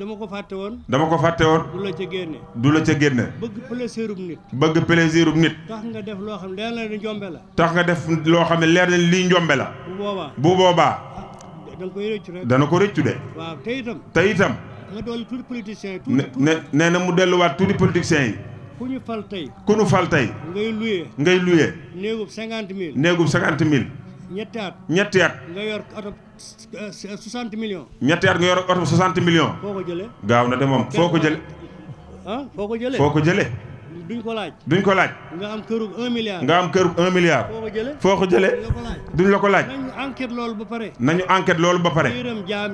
dama ko fàtte woon. dama ko fàtte woon. du la ca génne. du la ca génne. bëgg plaisirub nit. bëgg plaisirub nit. tax nga def loo xam ne leer na li njombe la. tax nga def loo xam ne leer na li njombe la. bu boobaa bu boobaa. Ah, dana ko rëccu de. dana ko rëccu de. waaw te te itam. nga dolli tuuti ne nee na mu delluwaat tuuti politiciens yi. ku ñu fal tey. ku ñu fal tey. ngay luye. ngay luye. néegub cinquante mille. néegub cinquante mille. ñetti at. ñetti at. nga yor oto 60 millions. ñetti at nga yor oto 60 millions. foo ko jëlee. gaaw na de moom foo ko jëlee. ah foo ko jëlee foo ko jëlee. duñ ko laaj. duñ ko laaj. nga am këru 1 milliard. nga am këru 1 milliard. foo ko jëlee foo ko jëlee. duñ la ko laaj. nañu enquête loolu ba pare. nañu enquête loolu ba pare.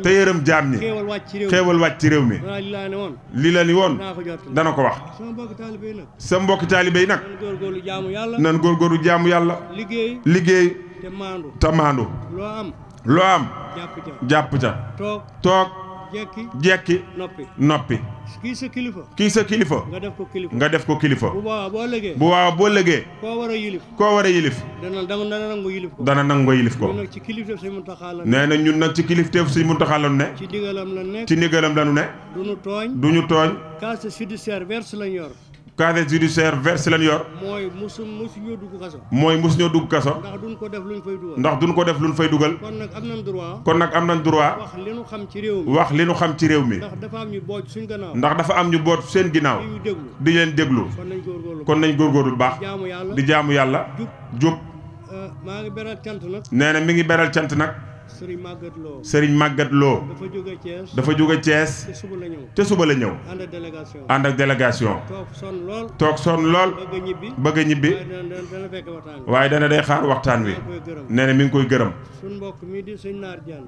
te yërëm jaam ñi. xéewal wàcc ci réew mi xéewal wàcc ci réew mi. li la ni woon. dana ko wax. sa mbokki taalibe yi nag. nan góorgóorlu jaamu yàlla. nan góorgóorlu jaamu yàlla. liggéey liggéey. te maandu. loo am. lu am jàpp ca toog jekki noppi kii sa kilifa kii sa kilifa nga def ko kilifa nga def ko kilifa bu waaw boo lëgee bu waaw boo lëgee koo war yilif koo war a yilif dana dana nangu yilif ko dana nangu ko ci kilifteef suñu muntaxaa la nee na ñun nag ci kilifteef suñu muntaxaa la ne ci ndigalam la ne ci ndigalam la nu ne duñu tooñ duñu tooñ kaas judiciaire vierge lañ yor casier judiciaire vierge lañ yor. mooy mosu mosuñoo dugg kaso. mooy mosuñoo dugg kaso. ndax duñ ko def luñ fay ndax duñ ko def luñ fay dugal. kon nag am nañ kon nag am nañ droit. wax nu xam ci réew wax li nu xam ci réew mi. ndax dafa am ñu boot suñ gannaaw. ndax dafa am ñu boot seen ginnaaw. di leen déglu. kon nañ góorgóorlu bu baax. di jaamu yàlla. jub jub. Euh, maa ngi nee na mi ngi beral cant nag. Serigne Maguette Lo Serigne Maguette dafa jóge Thiès dafa jóge Thiès. te suba toog sonn lool bëgg ñibbi waaye dana day xaar waxtaan wi. nee na mi ngi koy gërëm. suñu mbokk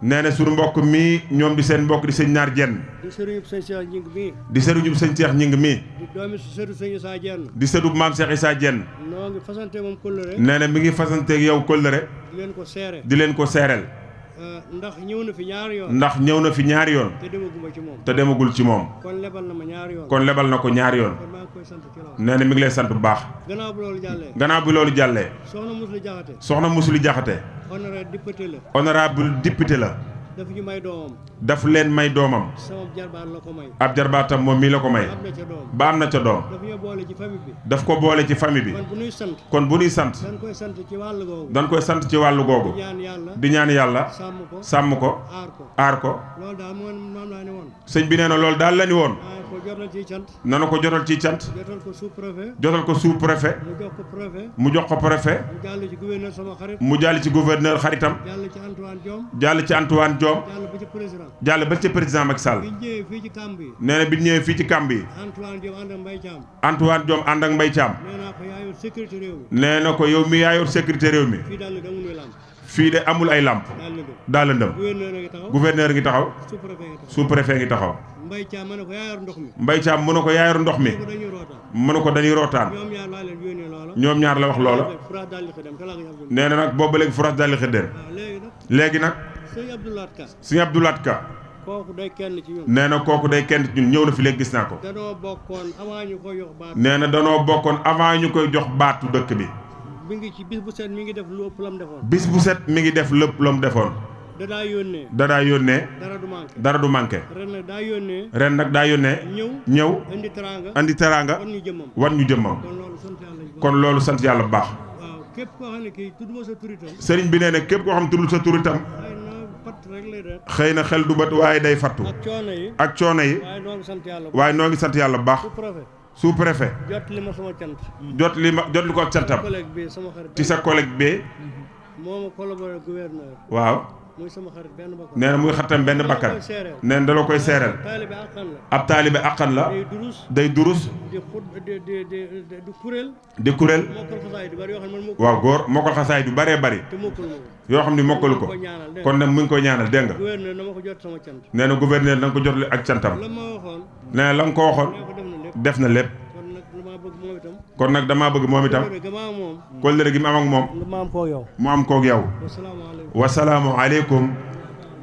mi mbokk mii ñoom di seen mbokk di sëñ Naar Dieng. di sëriñub di sëriñub sëñ Cheikh Ñing mi. di doomi sëriñ di sëriñub maam Cheikh Issa Dieng. noo ngi mi ngi fasanteeg yow kóllëre. di leen ko seereel Eh, ndax ñëw na fi ñaari yoon. ndax ñëw na fi ñaari yoon. te demagul ci moom. kon lebal na ma ñaari yoon. kon lebal na ko ñaari yoon. nee na mi ngi lay sant bu baax. gannaaw bu loolu jàllee. gannaaw bu loolu jàllee. soxna Musli Jaxate. soxna Musli Jaxate. honorable député la. la. daf ñu may doomam. daf leen may doomam. sama ab jarbaatam moom mii la ko may. ba am na ca doom. daf ko boole ci famille bi. kon bu nuy sant. kon sant. koy sant ci wàll googu. dañ koy sant ci wàll googu. di ñaan yàlla. sàmm ko aar ko aar ko. loolu bi nee na loolu daal la ni woon. jotal ci cant. na ko jotal ci cant. jotal ko sous préfet. jotal ko sous préfet. mu jox ko préfet. mu jox ko préfet. mu jàll ci gouverneur xaritam. jàll ci Antoine Diome. jàll ba ci président. jàll ba ci bi ñëwee fii ci kàmb yi. nee na bi ñëwee fii ànd ak Mbaye Thiam. Antoine Diome ànd ak Mbaye Thiam. nee na ko yaa mi. nee na ko yow mi yaa yor réew mi. fii fii de amul ay làmp daa lëndëm gouverneur ngi taxaw sous ngi taxaw mbay caam mën na ko yaayaru ndox mi mën na ko dañuy rootaan ñoom ñaar la wax loola nee na nag booba léegi forage daal xëddéen ah, léegi nag sëñ Abdoulaat Ka kenn ci nee na kooku day kenn ci ñun ñëw na fi léegi gis naa ko. nee na danoo bokkoon avant ñu koy jox baatu dëkk bi. mi ngi ci bis bu set mi ngi def lu ëpp la defoon. bis bu set mi ngi def lépp la mu defoon. dadaa yónnee. dadaa yónnee. dara du manqué ren nag daa yónnee. ren ñëw ñëw. andi teraanga wan ñu jëmmam kon loolu sant yàlla bu baax. waaw sëriñ bi nee na képp koo xam ne tuddul sa tur itam. xëy na xel du bët waaye day fattu. ak coono yi ak waaye noo ngi sant yàlla bu baax. sous jot li ma sama cant. jot li ma jot li ko ak cantam. ci sa collègue bee. moo ma collaboré gouverneur. waaw. muy benn bakkan. nee na muy xaritam benn bakkan. nee na koy seereel. ab taalibe àqan la. day durus. day durus. di xut di di di kuréel. di kuréel. waaw góor mokkal xasaay du bëree bëri. yoo xam ne mokkalu ko. kon nag mu ngi koy ñaanal dégg nga. nee na gouverneur na nga ko jot ak cantam. nee na la waxoon. def na lépp kon nag damaa bëgg moom itam kóllëre gi mu am moom mu am koog yow wasalaamu aleykum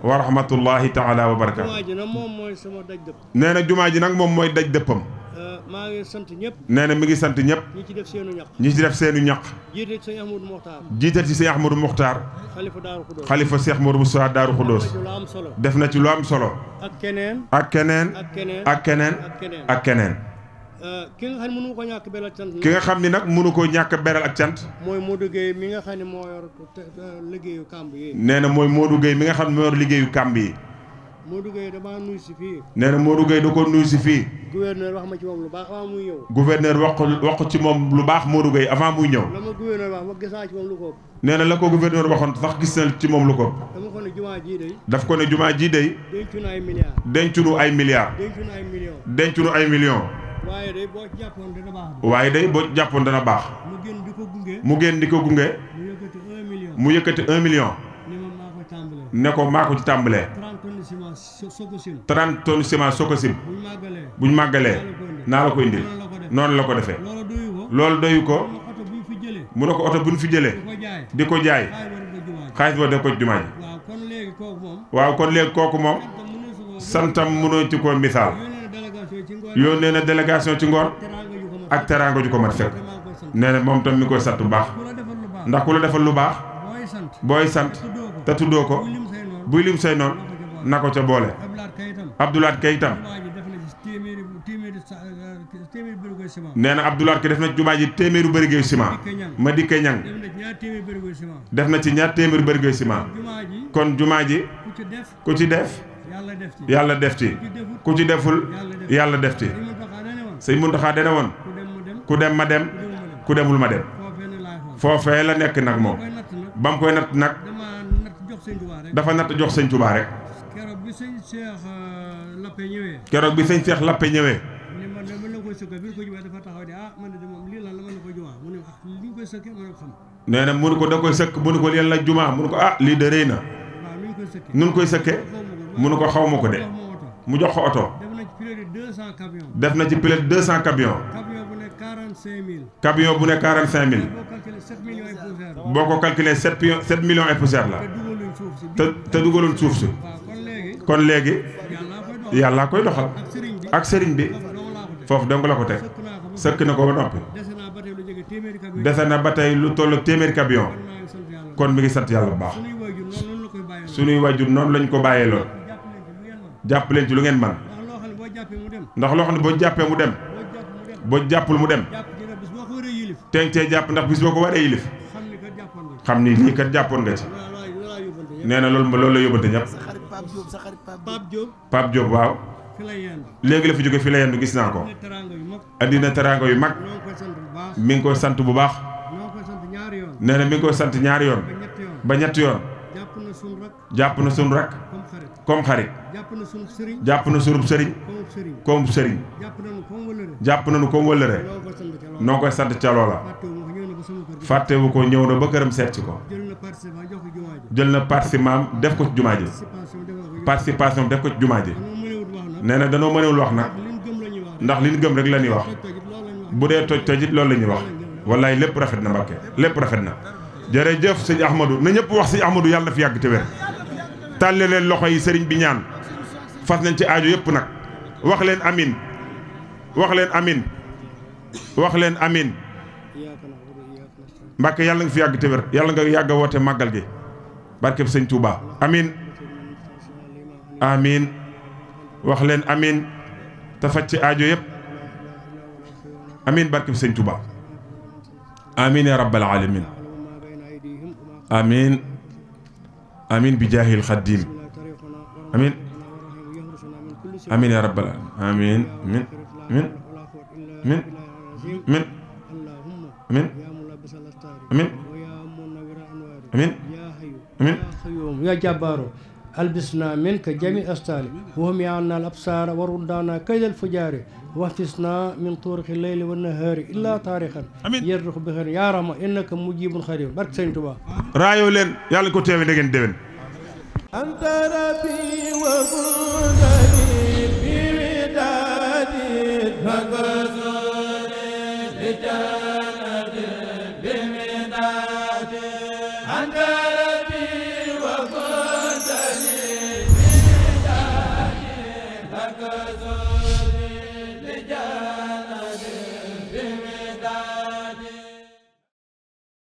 wa rahmatullahi taala wa barakaatu nee na jumaa ji nag moom mooy daj dëppam euh, maa ngi nee na mi ngi sant ñëpp. ñi ci def seenu ñaq. ñi ci def seenu ñaq. jiital ci sëñ Ahmadou Mokhtar. jiital ci sëñ Ahmadou Mokhtar. xalifa Daaru Khuddoos. def na ci lu am solo. ak keneen. ak keneen. ak keneen. ak keneen. Euh, ki nga xam ne cant. ki nga xam ne nag mënu ko ñàkk beral ak cant. mooy Modou Gueye mi nga xam ne moo yor liggéeyu kàmb yi. nee na mooy Modou mi nga xam ne yor liggéeyu kàmb yi. Modou Gueye nuyu si fii. nee na Modou Gueye da koo nuyu si fii. gouverneur wax ma ci moom lu baax avant muy ñëw. gouverneur wax wax ci moom lu baax Modou Gueye avant muy ñëw. la ma gouverneur ci moom lu ko ëpp. nee na la ko gouverneur waxoon sax gis na ci moom lu ko ëpp. dama ko ne jumaa jii day. daf dencunu ay milliards. dencunu ay milliards. waaye day boo jàppoon dana baax. waaye day mu génn di ko gunge. mu génn di un million. ne ko maa ko ci tàmbalee. 30 tonnes ciment soo ko sim. 30 màggalee. buñ màggalee naa la ko indil. noonu la ko defe loolu doyu ko. mu ne ko oto bu ñu fi jëlee. di ko jaay. xaalis ba da ko jumaa waaw kon léegi kooku moom. santam mënoo ci ko misaal. yónnee na délégation ci ngoon ak teraanga ju ko mat fekk nee na moom tam mi koy sant bu baax ndax ku la defal lu baax booy sant te tuddoo ko buy lim say noon na ko ca boole abdoulaat kay itam nee na abdoulaat kay def na jumaa ji téeméeru bërigéey ciment ma di ñang def na ci ñaar téeméeru bërigéey ciment kon jumaa ji ku ci def yàlla def ci ku ci deful yàlla def ci sëñ Muntaxa dana woon ku dem ma dem ku demul ma dem foofee la nekk nag moom ba mu koy natt nag dafa natt jox sañ Tuubaa rek keroog bi sëñ Seex euh, Lappe ñëwee nee na mënu ko da koy sëkk mënu ko yàlla jumaa mënu ko ah lii de rëy na nun koy sëkke mu ne ko xawma ko de mu jox ko oto def na ci plus de deux cent camions camion bu ne quarante cinq mille boo ko calculé sept sept millions et poussière la te te dugaloon suuf si kon léegi yàlla koy doxal ak sëriñ bi foofu dong la ko teg sëkk na ko ba noppi dese na ba tey lu toll téeméeri camion kon mi ngi sant yàlla bu baax sunuy wajur noonu lañ ko bàyyee lool jàpp leen ci lu ngeen man ndax loo xam ne boo jàppee mu dem boo jàppul mu dem teg cee jàpp ndax bis boo ko waree yilif xam ni lii kat jàppoon nga ci nee na loolu loolu la yóbbante ñëpp Pape Diop waaw léegi la fi jóge fi la gis naa ko andi na teraanga yu mag mi ngi koy sant bu baax nee na mi ngi koy sant ñaari yoon ba ñetti yoon jàpp na sun rak comme xarit jàpp na sunub sëriñ comme sëriñ jàpp na nañu comme wëllëre noo koy sant ca loola fàttewu ko ñëw na ba këram seet ci ko jël na participation def ko jumaa ji participation def ko jumaa ji nee na danoo mënewul wax nag ndax li ñu gëm rek la ñuy wax bu dee toj tojit lool la ñuy wax wallaay lépp rafet na Mbàkke lépp rafet na jërëjëf sëñ Ahmadou ne ñëpp wax si Ahmadou yàlla fi yàgg te wér tàlle leen loxo yi sëriñ bi ñaan fas nañ ci aajo yëpp nag wax leen amin wax leen amin wax leen amin mbàkke yàlla nga fi yàgg te wér yàlla nga yàgg a woote màggal gi barkeb sëñ Touba amin amin wax leen amin te faj ci aajo yëpp amin barkeb sëñ Touba amin ya rabbal alamin amin amin bi jaahil xaddiim amin amin ya rabbal amin min min min min amin amin amin amin ya jabbaaro albisna minka jami astaari wahum yaanna al absaara waruddaana kaydal fujaari واحتسنا من طرق الليل والنهار إلا تاريخا يرخ بخير يا رحمة إنك مجيب خير بارك سين توبا رايو لين يالا كو تيوي دغن ديوين أنت ربي وغني بمدادي فقصوني لتاريخ